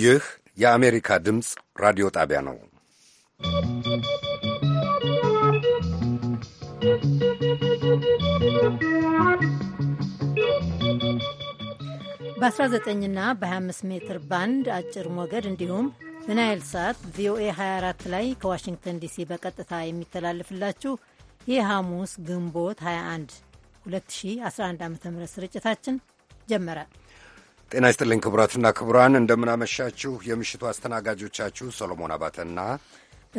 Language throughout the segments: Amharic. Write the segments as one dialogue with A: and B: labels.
A: ይህ የአሜሪካ ድምፅ ራዲዮ ጣቢያ ነው።
B: በ19 ና በ25 ሜትር ባንድ አጭር ሞገድ እንዲሁም በናይል ሳት ቪኦኤ 24 ላይ ከዋሽንግተን ዲሲ በቀጥታ የሚተላለፍላችሁ የሐሙስ ግንቦት 21 2011 ዓ ም ስርጭታችን ጀመረ።
A: ጤና ይስጥልኝ ክቡራትና ክቡራን፣ እንደምናመሻችሁ። የምሽቱ አስተናጋጆቻችሁ
C: ሰሎሞን አባተና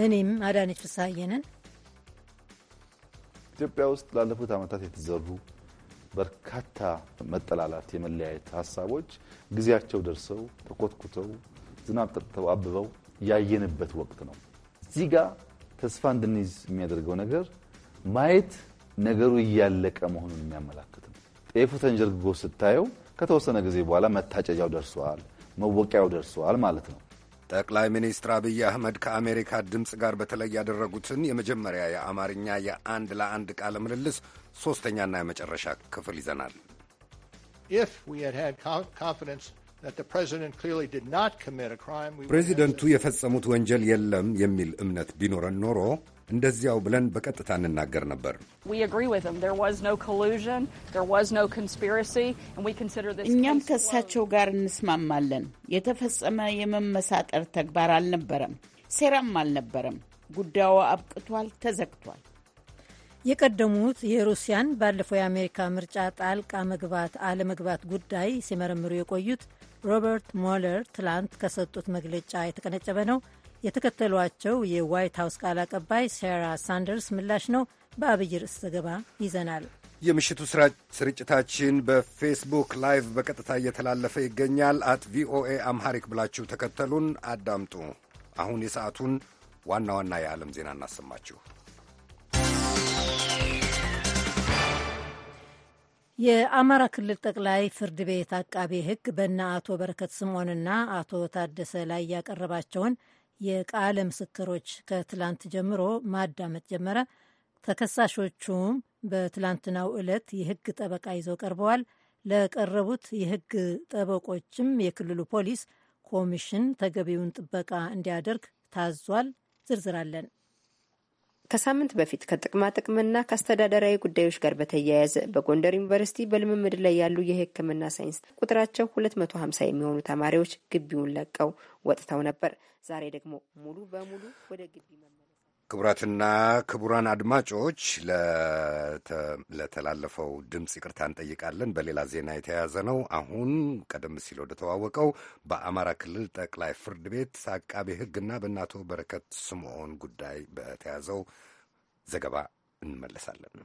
B: እኔም አዳነች ፍስሐዬ ነን።
C: ኢትዮጵያ ውስጥ ላለፉት ዓመታት የተዘሩ በርካታ መጠላላት፣ የመለያየት ሀሳቦች ጊዜያቸው ደርሰው ተኮትኩተው ዝናብ ጠጥተው አብበው ያየንበት ወቅት ነው። እዚህ ጋር ተስፋ እንድንይዝ የሚያደርገው ነገር ማየት ነገሩ እያለቀ መሆኑን የሚያመላክት ነው። ጤፉ ተንጀርግጎ ስታየው ከተወሰነ ጊዜ በኋላ መታጨጃው ደርሰዋል መወቂያው ደርሰዋል ማለት ነው። ጠቅላይ ሚኒስትር
A: አብይ አህመድ ከአሜሪካ ድምፅ ጋር በተለይ ያደረጉትን የመጀመሪያ የአማርኛ የአንድ ለአንድ ቃለ ምልልስ ሦስተኛና የመጨረሻ ክፍል ይዘናል። ፕሬዚደንቱ የፈጸሙት ወንጀል የለም የሚል እምነት ቢኖረን ኖሮ እንደዚያው ብለን በቀጥታ እንናገር ነበር።
C: እኛም
D: ከእሳቸው ጋር እንስማማለን። የተፈጸመ የመመሳጠር ተግባር አልነበረም፣ ሴራም አልነበረም። ጉዳዩ አብቅቷል፣ ተዘግቷል።
B: የቀደሙት የሩሲያን ባለፈው የአሜሪካ ምርጫ ጣልቃ መግባት አለመግባት ጉዳይ ሲመረምሩ የቆዩት ሮበርት ሞለር ትላንት ከሰጡት መግለጫ የተቀነጨበ ነው። የተከተሏቸው የዋይት ሀውስ ቃል አቀባይ ሳራ ሳንደርስ ምላሽ ነው። በአብይ ርዕስ ዘገባ ይዘናል።
A: የምሽቱ ስርጭታችን በፌስቡክ ላይቭ በቀጥታ እየተላለፈ ይገኛል። አት ቪኦኤ አምሃሪክ ብላችሁ ተከተሉን አዳምጡ። አሁን የሰዓቱን ዋና ዋና የዓለም ዜና እናሰማችሁ።
B: የአማራ ክልል ጠቅላይ ፍርድ ቤት አቃቤ ሕግ በእነ አቶ በረከት ስምዖንና አቶ ታደሰ ላይ ያቀረባቸውን የቃለ ምስክሮች ከትላንት ጀምሮ ማዳመጥ ጀመረ። ተከሳሾቹም በትላንትናው ዕለት የህግ ጠበቃ ይዘው ቀርበዋል። ለቀረቡት የህግ ጠበቆችም የክልሉ ፖሊስ ኮሚሽን ተገቢውን ጥበቃ እንዲያደርግ ታዟል። ዝርዝራለን ከሳምንት በፊት ከጥቅማ ጥቅምና
E: ከአስተዳደራዊ ጉዳዮች ጋር በተያያዘ በጎንደር ዩኒቨርሲቲ በልምምድ ላይ ያሉ የሕክምና ሳይንስ ቁጥራቸው 250 የሚሆኑ ተማሪዎች ግቢውን ለቀው ወጥተው ነበር። ዛሬ ደግሞ ሙሉ በሙሉ ወደ ግቢ
A: ክቡራትና ክቡራን አድማጮች ለተላለፈው ድምፅ ይቅርታ እንጠይቃለን። በሌላ ዜና የተያያዘ ነው። አሁን ቀደም ሲል ወደ ተዋወቀው በአማራ ክልል ጠቅላይ ፍርድ ቤት አቃቤ ሕግና በእነ አቶ በረከት ስምዖን ጉዳይ በተያዘው ዘገባ እንመለሳለን።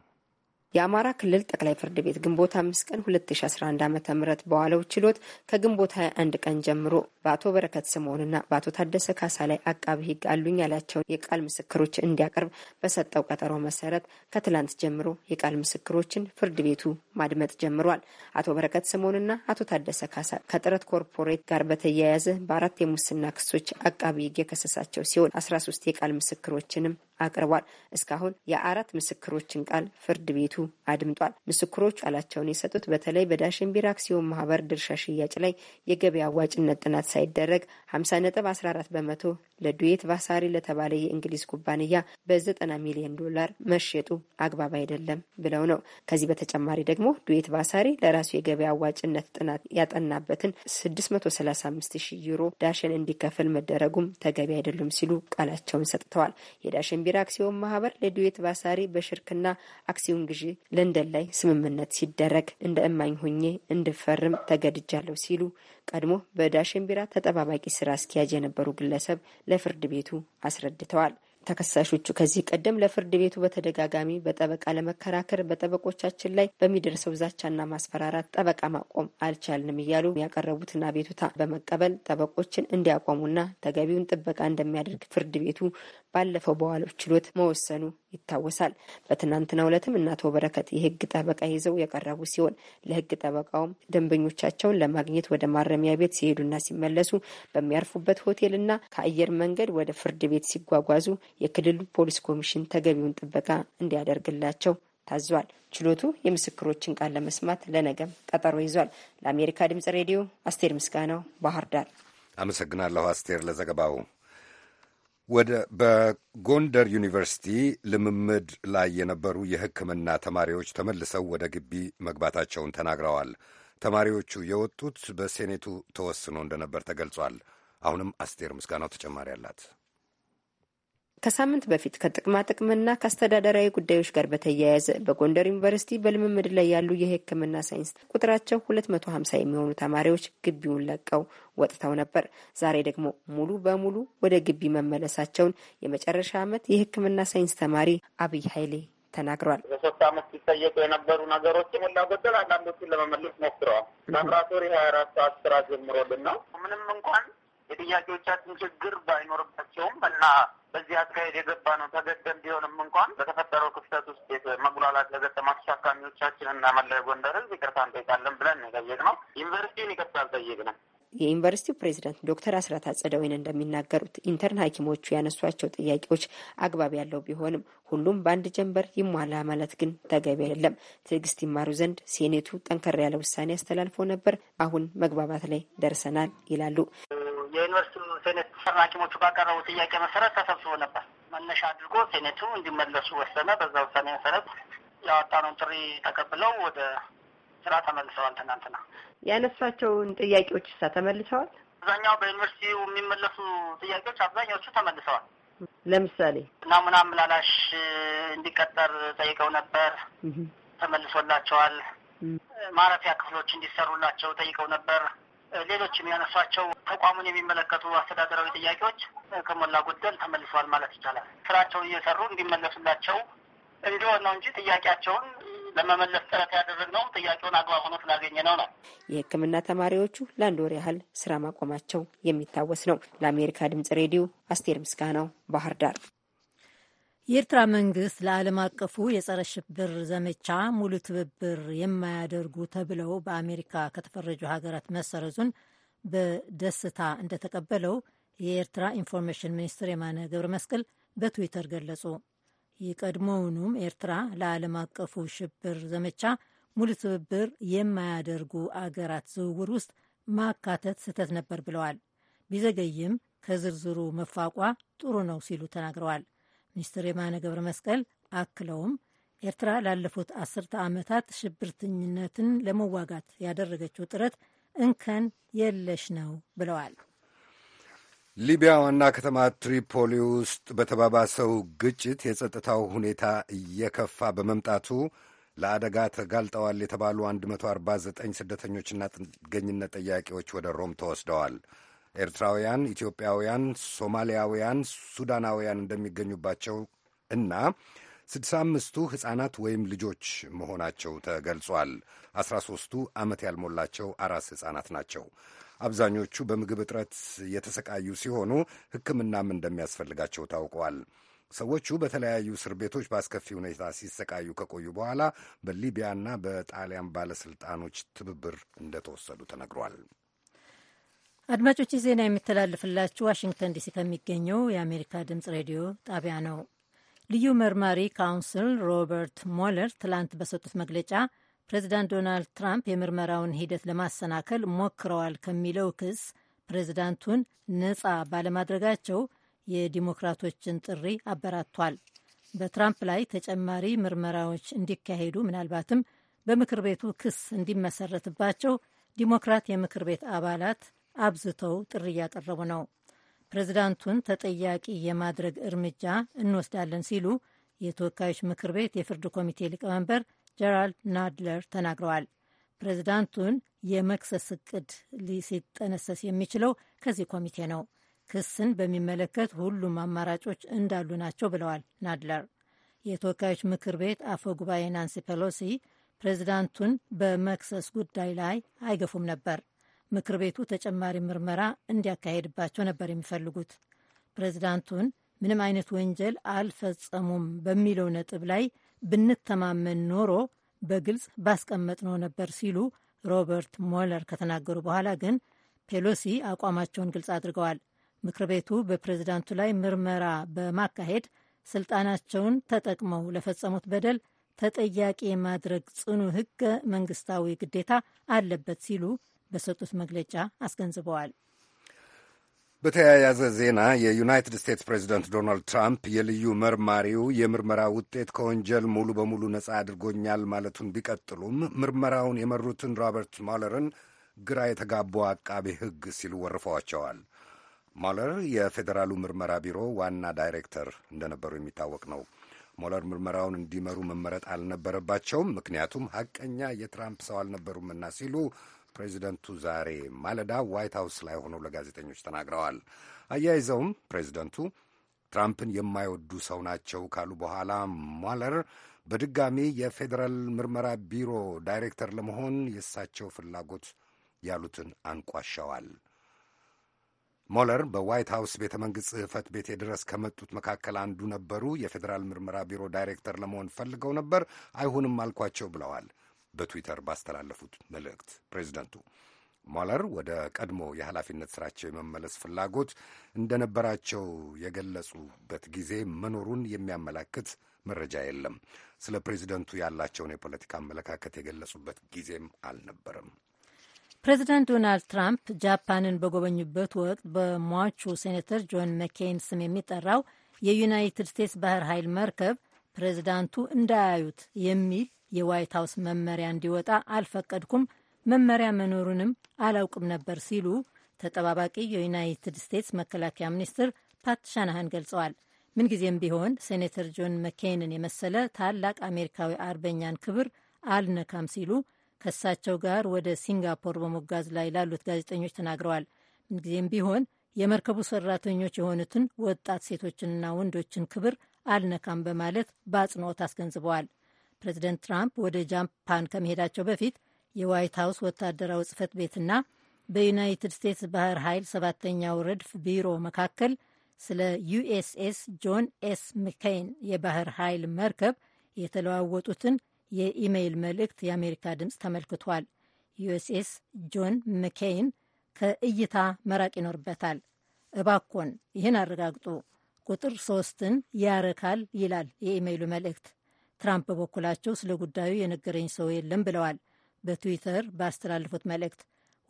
E: የአማራ ክልል ጠቅላይ ፍርድ ቤት ግንቦት አምስት ቀን 2011 ዓ ም በዋለው ችሎት ከግንቦት 21 ቀን ጀምሮ በአቶ በረከት ስምዖንና በአቶ ታደሰ ካሳ ላይ አቃቢ ሕግ አሉኝ ያላቸውን የቃል ምስክሮች እንዲያቀርብ በሰጠው ቀጠሮ መሰረት ከትላንት ጀምሮ የቃል ምስክሮችን ፍርድ ቤቱ ማድመጥ ጀምሯል። አቶ በረከት ስምዖንና አቶ ታደሰ ካሳ ከጥረት ኮርፖሬት ጋር በተያያዘ በአራት የሙስና ክሶች አቃቢ ሕግ የከሰሳቸው ሲሆን 13 የቃል ምስክሮችንም አቅርቧል። እስካሁን የአራት ምስክሮችን ቃል ፍርድ ቤቱ አድምጧል። ምስክሮቹ ቃላቸውን የሰጡት በተለይ በዳሽን ቢራ አክሲዮን ማህበር ድርሻ ሽያጭ ላይ የገበያ አዋጭነት ጥናት ሳይደረግ 50.14 በመቶ ለዱዌት ቫሳሪ ለተባለ የእንግሊዝ ኩባንያ በ90 ሚሊዮን ዶላር መሸጡ አግባብ አይደለም ብለው ነው። ከዚህ በተጨማሪ ደግሞ ዱዌት ቫሳሪ ለራሱ የገበያ አዋጭነት ጥናት ያጠናበትን 635 ሺህ ዩሮ ዳሽን እንዲከፍል መደረጉም ተገቢ አይደሉም ሲሉ ቃላቸውን ሰጥተዋል። የዳሽን የቢራ አክሲዮን ማህበር ለዱዌት ባሳሪ በሽርክና አክሲዮን ግዢ ለንደን ላይ ስምምነት ሲደረግ እንደ እማኝ ሆኜ እንድፈርም ተገድጃለሁ ሲሉ ቀድሞ በዳሽን ቢራ ተጠባባቂ ስራ አስኪያጅ የነበሩ ግለሰብ ለፍርድ ቤቱ አስረድተዋል። ተከሳሾቹ ከዚህ ቀደም ለፍርድ ቤቱ በተደጋጋሚ በጠበቃ ለመከራከር በጠበቆቻችን ላይ በሚደርሰው ዛቻና ማስፈራራት ጠበቃ ማቆም አልቻልንም እያሉ ያቀረቡትን አቤቱታ በመቀበል ጠበቆችን እንዲያቆሙና ተገቢውን ጥበቃ እንደሚያደርግ ፍርድ ቤቱ ባለፈው በዋለው ችሎት መወሰኑ ይታወሳል። በትናንትናው ዕለትም እነ አቶ በረከት የህግ ጠበቃ ይዘው የቀረቡ ሲሆን ለህግ ጠበቃውም ደንበኞቻቸውን ለማግኘት ወደ ማረሚያ ቤት ሲሄዱና ሲመለሱ፣ በሚያርፉበት ሆቴልና ከአየር መንገድ ወደ ፍርድ ቤት ሲጓጓዙ የክልሉ ፖሊስ ኮሚሽን ተገቢውን ጥበቃ እንዲያደርግላቸው ታዟል። ችሎቱ የምስክሮችን ቃል ለመስማት ለነገም ቀጠሮ ይዟል። ለአሜሪካ ድምጽ ሬዲዮ አስቴር ምስጋናው ባህር ዳር።
A: አመሰግናለሁ አስቴር ለዘገባው። ወደ በጎንደር ዩኒቨርሲቲ ልምምድ ላይ የነበሩ የሕክምና ተማሪዎች ተመልሰው ወደ ግቢ መግባታቸውን ተናግረዋል። ተማሪዎቹ የወጡት በሴኔቱ ተወስኖ እንደነበር ተገልጿል። አሁንም አስቴር ምስጋናው ተጨማሪ አላት።
E: ከሳምንት በፊት ከጥቅማ ጥቅምና ከአስተዳደራዊ ጉዳዮች ጋር በተያያዘ በጎንደር ዩኒቨርሲቲ በልምምድ ላይ ያሉ የሕክምና ሳይንስ ቁጥራቸው 250 የሚሆኑ ተማሪዎች ግቢውን ለቀው ወጥተው ነበር። ዛሬ ደግሞ ሙሉ በሙሉ ወደ ግቢ መመለሳቸውን የመጨረሻ ዓመት የሕክምና ሳይንስ ተማሪ አብይ ኃይሌ ተናግሯል።
F: በሶስት ዓመት ሲጠየቁ የነበሩ ነገሮች ሞላ ጎደል አንዳንዶቹን ለመመለስ ሞክረዋል። ላብራቶሪ ሀያ አራት ሰዓት ስራ ጀምሮልና ምንም እንኳን የጥያቄዎቻችን ችግር ባይኖርባቸውም እና በዚህ አካሄድ የገባ ነው። ተገደም ቢሆንም እንኳን በተፈጠረው ክፍተት ውስጥ መጉላላት ለገጠማት ተሸካሚዎቻችን እና መላ ጎንደር ህዝብ ይቅርታ እንጠይቃለን ብለን ነው። ዩኒቨርሲቲን ይቅርታ
E: አልጠየቅንም። የዩኒቨርሲቲው ፕሬዚዳንት ዶክተር አስራት አጸደወይን እንደሚናገሩት ኢንተርን ሐኪሞቹ ያነሷቸው ጥያቄዎች አግባብ ያለው ቢሆንም ሁሉም በአንድ ጀንበር ይሟላ ማለት ግን ተገቢ አይደለም። ትዕግስት ይማሩ ዘንድ ሴኔቱ ጠንከር ያለ ውሳኔ አስተላልፎ ነበር። አሁን መግባባት ላይ ደርሰናል ይላሉ። የዩኒቨርስቲ
F: ሴኔት ሰራኪሞቹ ባቀረቡ ጥያቄ መሰረት ተሰብስቦ ነበር። መነሻ አድርጎ ሴኔቱ እንዲመለሱ ወሰነ። በዛ ውሳኔ መሰረት ያወጣነውን ጥሪ ተቀብለው ወደ ስራ ተመልሰዋል። ትናንትና
E: ያነሷቸውን ጥያቄዎች እሳ ተመልሰዋል። አብዛኛው በዩኒቨርሲቲው
F: የሚመለሱ ጥያቄዎች አብዛኛዎቹ ተመልሰዋል። ለምሳሌ ናሙና ላላሽ እንዲቀጠር ጠይቀው ነበር፣
D: ተመልሶላቸዋል። ማረፊያ ክፍሎች እንዲሰሩላቸው ጠይቀው ነበር
F: ሌሎችም ያነሷቸው ተቋሙን የሚመለከቱ አስተዳደራዊ ጥያቄዎች ከሞላ ጎደል ተመልሰዋል ማለት ይቻላል። ስራቸውን እየሰሩ እንዲመለሱላቸው እንዲሆን ነው እንጂ ጥያቄያቸውን ለመመለስ ጥረት ያደረግነው ጥያቄውን አግባብ ሆኖ ስላገኘ ነው ነው።
E: የሕክምና ተማሪዎቹ ለአንድ ወር ያህል ስራ ማቆማቸው የሚታወስ ነው። ለአሜሪካ ድምጽ ሬዲዮ አስቴር ምስጋናው ባህር ዳር።
B: የኤርትራ መንግስት ለዓለም አቀፉ የጸረ ሽብር ዘመቻ ሙሉ ትብብር የማያደርጉ ተብለው በአሜሪካ ከተፈረጁ ሀገራት መሰረዙን በደስታ እንደተቀበለው የኤርትራ ኢንፎርሜሽን ሚኒስትር የማነ ገብረ መስቀል በትዊተር ገለጹ። የቀድሞውኑም ኤርትራ ለዓለም አቀፉ ሽብር ዘመቻ ሙሉ ትብብር የማያደርጉ አገራት ዝውውር ውስጥ ማካተት ስህተት ነበር ብለዋል። ቢዘገይም ከዝርዝሩ መፋቋ ጥሩ ነው ሲሉ ተናግረዋል። ሚኒስትር የማነ ገብረ መስቀል አክለውም ኤርትራ ላለፉት አስርተ ዓመታት ሽብርተኝነትን ለመዋጋት ያደረገችው ጥረት እንከን የለሽ ነው ብለዋል።
A: ሊቢያ ዋና ከተማ ትሪፖሊ ውስጥ በተባባሰው ግጭት የጸጥታው ሁኔታ እየከፋ በመምጣቱ ለአደጋ ተጋልጠዋል የተባሉ 149 ስደተኞችና ጥገኝነት ጠያቂዎች ወደ ሮም ተወስደዋል። ኤርትራውያን፣ ኢትዮጵያውያን፣ ሶማሊያውያን፣ ሱዳናውያን እንደሚገኙባቸው እና ስድሳ አምስቱ ሕፃናት ወይም ልጆች መሆናቸው ተገልጿል። አስራ ሦስቱ ዓመት ያልሞላቸው አራስ ሕፃናት ናቸው። አብዛኞቹ በምግብ እጥረት የተሰቃዩ ሲሆኑ ሕክምናም እንደሚያስፈልጋቸው ታውቀዋል። ሰዎቹ በተለያዩ እስር ቤቶች በአስከፊ ሁኔታ ሲሰቃዩ ከቆዩ በኋላ በሊቢያና በጣሊያን ባለሥልጣኖች ትብብር እንደተወሰዱ ተነግሯል።
B: አድማጮች ዜና የሚተላለፍላችሁ ዋሽንግተን ዲሲ ከሚገኘው የአሜሪካ ድምጽ ሬዲዮ ጣቢያ ነው። ልዩ መርማሪ ካውንስል ሮበርት ሞለር ትላንት በሰጡት መግለጫ ፕሬዚዳንት ዶናልድ ትራምፕ የምርመራውን ሂደት ለማሰናከል ሞክረዋል ከሚለው ክስ ፕሬዚዳንቱን ነጻ ባለማድረጋቸው የዲሞክራቶችን ጥሪ አበራቷል። በትራምፕ ላይ ተጨማሪ ምርመራዎች እንዲካሄዱ ምናልባትም በምክር ቤቱ ክስ እንዲመሰረትባቸው ዲሞክራት የምክር ቤት አባላት አብዝተው ጥሪ እያቀረቡ ነው። ፕሬዚዳንቱን ተጠያቂ የማድረግ እርምጃ እንወስዳለን ሲሉ የተወካዮች ምክር ቤት የፍርድ ኮሚቴ ሊቀመንበር ጀራልድ ናድለር ተናግረዋል። ፕሬዚዳንቱን የመክሰስ እቅድ ሲጠነሰስ የሚችለው ከዚህ ኮሚቴ ነው። ክስን በሚመለከት ሁሉም አማራጮች እንዳሉ ናቸው ብለዋል ናድለር። የተወካዮች ምክር ቤት አፈ ጉባኤ ናንሲ ፔሎሲ ፕሬዚዳንቱን በመክሰስ ጉዳይ ላይ አይገፉም ነበር። ምክር ቤቱ ተጨማሪ ምርመራ እንዲያካሄድባቸው ነበር የሚፈልጉት። ፕሬዚዳንቱን ምንም አይነት ወንጀል አልፈጸሙም በሚለው ነጥብ ላይ ብንተማመን ኖሮ በግልጽ ባስቀመጥነው ነበር ሲሉ ሮበርት ሞለር ከተናገሩ በኋላ ግን ፔሎሲ አቋማቸውን ግልጽ አድርገዋል። ምክር ቤቱ በፕሬዚዳንቱ ላይ ምርመራ በማካሄድ ስልጣናቸውን ተጠቅመው ለፈጸሙት በደል ተጠያቂ የማድረግ ጽኑ ህገ መንግስታዊ ግዴታ አለበት ሲሉ በሰጡት መግለጫ አስገንዝበዋል።
A: በተያያዘ ዜና የዩናይትድ ስቴትስ ፕሬዚደንት ዶናልድ ትራምፕ የልዩ መርማሪው የምርመራ ውጤት ከወንጀል ሙሉ በሙሉ ነጻ አድርጎኛል ማለቱን ቢቀጥሉም ምርመራውን የመሩትን ሮበርት ሞለርን ግራ የተጋቡ አቃቤ ሕግ ሲሉ ወርፈዋቸዋል። ሞለር የፌዴራሉ ምርመራ ቢሮ ዋና ዳይሬክተር እንደነበሩ የሚታወቅ ነው። ሞለር ምርመራውን እንዲመሩ መመረጥ አልነበረባቸውም፣ ምክንያቱም ሐቀኛ የትራምፕ ሰው አልነበሩምና ሲሉ ፕሬዚደንቱ ዛሬ ማለዳ ዋይት ሀውስ ላይ ሆነው ለጋዜጠኞች ተናግረዋል። አያይዘውም ፕሬዚደንቱ ትራምፕን የማይወዱ ሰው ናቸው ካሉ በኋላ ሟለር በድጋሚ የፌዴራል ምርመራ ቢሮ ዳይሬክተር ለመሆን የእሳቸው ፍላጎት ያሉትን አንቋሸዋል። ሞለር በዋይት ሀውስ ቤተ መንግሥት ጽሕፈት ቤት ድረስ ከመጡት መካከል አንዱ ነበሩ። የፌዴራል ምርመራ ቢሮ ዳይሬክተር ለመሆን ፈልገው ነበር፣ አይሁንም አልኳቸው ብለዋል። በትዊተር ባስተላለፉት መልእክት ፕሬዚደንቱ ሞለር ወደ ቀድሞ የኃላፊነት ስራቸው የመመለስ ፍላጎት እንደነበራቸው የገለጹበት ጊዜ መኖሩን የሚያመላክት መረጃ የለም። ስለ ፕሬዚደንቱ ያላቸውን የፖለቲካ አመለካከት የገለጹበት ጊዜም አልነበረም።
B: ፕሬዚዳንት ዶናልድ ትራምፕ ጃፓንን በጎበኙበት ወቅት በሟቹ ሴኔተር ጆን መኬን ስም የሚጠራው የዩናይትድ ስቴትስ ባህር ኃይል መርከብ ፕሬዚዳንቱ እንዳያዩት የሚል የዋይት ሀውስ መመሪያ እንዲወጣ አልፈቀድኩም፣ መመሪያ መኖሩንም አላውቅም ነበር ሲሉ ተጠባባቂ የዩናይትድ ስቴትስ መከላከያ ሚኒስትር ፓት ሻናሃን ገልጸዋል። ምንጊዜም ቢሆን ሴኔተር ጆን መኬንን የመሰለ ታላቅ አሜሪካዊ አርበኛን ክብር አልነካም ሲሉ ከእሳቸው ጋር ወደ ሲንጋፖር በመጓዝ ላይ ላሉት ጋዜጠኞች ተናግረዋል። ምንጊዜም ቢሆን የመርከቡ ሰራተኞች የሆኑትን ወጣት ሴቶችንና ወንዶችን ክብር አልነካም በማለት በአጽንኦት አስገንዝበዋል። ፕሬዚደንት ትራምፕ ወደ ጃፓን ከመሄዳቸው በፊት የዋይት ሀውስ ወታደራዊ ጽህፈት ቤትና በዩናይትድ ስቴትስ ባህር ኃይል ሰባተኛው ረድፍ ቢሮ መካከል ስለ ዩኤስኤስ ጆን ኤስ ምኬን የባህር ኃይል መርከብ የተለዋወጡትን የኢሜይል መልእክት የአሜሪካ ድምፅ ተመልክቷል። ዩኤስኤስ ጆን ምኬይን ከእይታ መራቅ ይኖርበታል። እባኮን ይህን አረጋግጡ፣ ቁጥር ሶስትን ያረካል ይላል የኢሜይሉ መልእክት። ትራምፕ በበኩላቸው ስለ ጉዳዩ የነገረኝ ሰው የለም ብለዋል። በትዊተር ባስተላለፉት መልእክት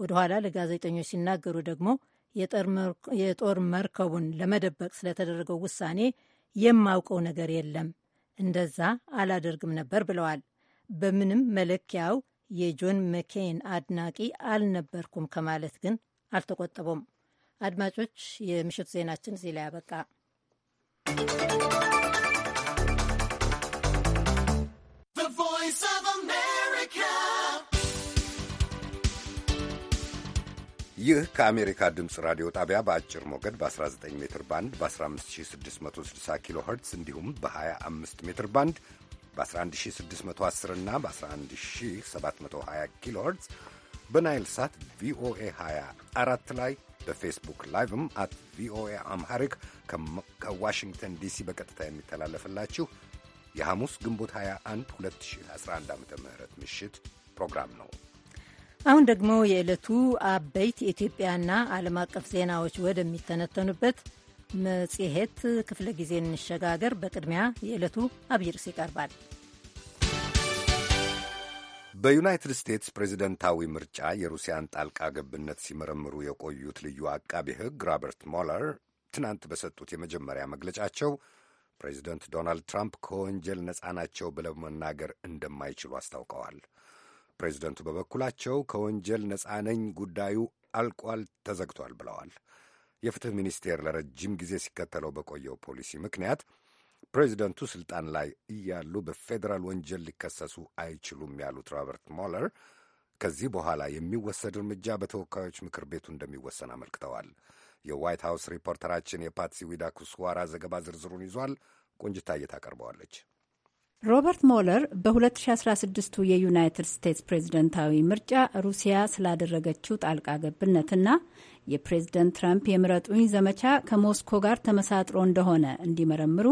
B: ወደ ኋላ ለጋዜጠኞች ሲናገሩ ደግሞ የጦር መርከቡን ለመደበቅ ስለተደረገው ውሳኔ የማውቀው ነገር የለም፣ እንደዛ አላደርግም ነበር ብለዋል። በምንም መለኪያው የጆን መኬን አድናቂ አልነበርኩም ከማለት ግን አልተቆጠቡም። አድማጮች፣ የምሽት ዜናችን እዚህ ላይ you.
A: ይህ ከአሜሪካ ድምፅ ራዲዮ ጣቢያ በአጭር ሞገድ በ19 ሜትር ባንድ በ15660 ኪሎ ኸርትዝ እንዲሁም በ25 ሜትር ባንድ በ11610 እና በ11720 ኪሎ ኸርትዝ በናይል ሳት ቪኦኤ 24 ላይ በፌስቡክ ላይቭም አት ቪኦኤ አምሃሪክ ከዋሽንግተን ዲሲ በቀጥታ የሚተላለፍላችሁ የሐሙስ ግንቦት 21 2011 ዓ ም ምሽት ፕሮግራም ነው።
B: አሁን ደግሞ የዕለቱ አበይት የኢትዮጵያና ዓለም አቀፍ ዜናዎች ወደሚተነተኑበት መጽሔት ክፍለ ጊዜ እንሸጋገር። በቅድሚያ የዕለቱ አብይ ርዕስ ይቀርባል።
A: በዩናይትድ ስቴትስ ፕሬዚደንታዊ ምርጫ የሩሲያን ጣልቃ ገብነት ሲመረምሩ የቆዩት ልዩ አቃቢ ሕግ ሮበርት ሞለር ትናንት በሰጡት የመጀመሪያ መግለጫቸው ፕሬዚደንት ዶናልድ ትራምፕ ከወንጀል ነጻ ናቸው ብለው መናገር እንደማይችሉ አስታውቀዋል። ፕሬዚደንቱ በበኩላቸው ከወንጀል ነፃ ነኝ፣ ጉዳዩ አልቋል፣ ተዘግቷል ብለዋል። የፍትህ ሚኒስቴር ለረጅም ጊዜ ሲከተለው በቆየው ፖሊሲ ምክንያት ፕሬዚደንቱ ስልጣን ላይ እያሉ በፌዴራል ወንጀል ሊከሰሱ አይችሉም ያሉት ሮበርት ሞለር ከዚህ በኋላ የሚወሰድ እርምጃ በተወካዮች ምክር ቤቱ እንደሚወሰን አመልክተዋል። የዋይት ሃውስ ሪፖርተራችን የፓትሲ ዊዳ ኩስዋራ ዘገባ ዝርዝሩን ይዟል። ቆንጅታ እየታቀርበዋለች።
G: ሮበርት ሞለር በ2016ቱ የዩናይትድ ስቴትስ ፕሬዝደንታዊ ምርጫ ሩሲያ ስላደረገችው ጣልቃ ገብነትና የፕሬዝደንት ትራምፕ የምረጡኝ ዘመቻ ከሞስኮ ጋር ተመሳጥሮ እንደሆነ እንዲመረምሩ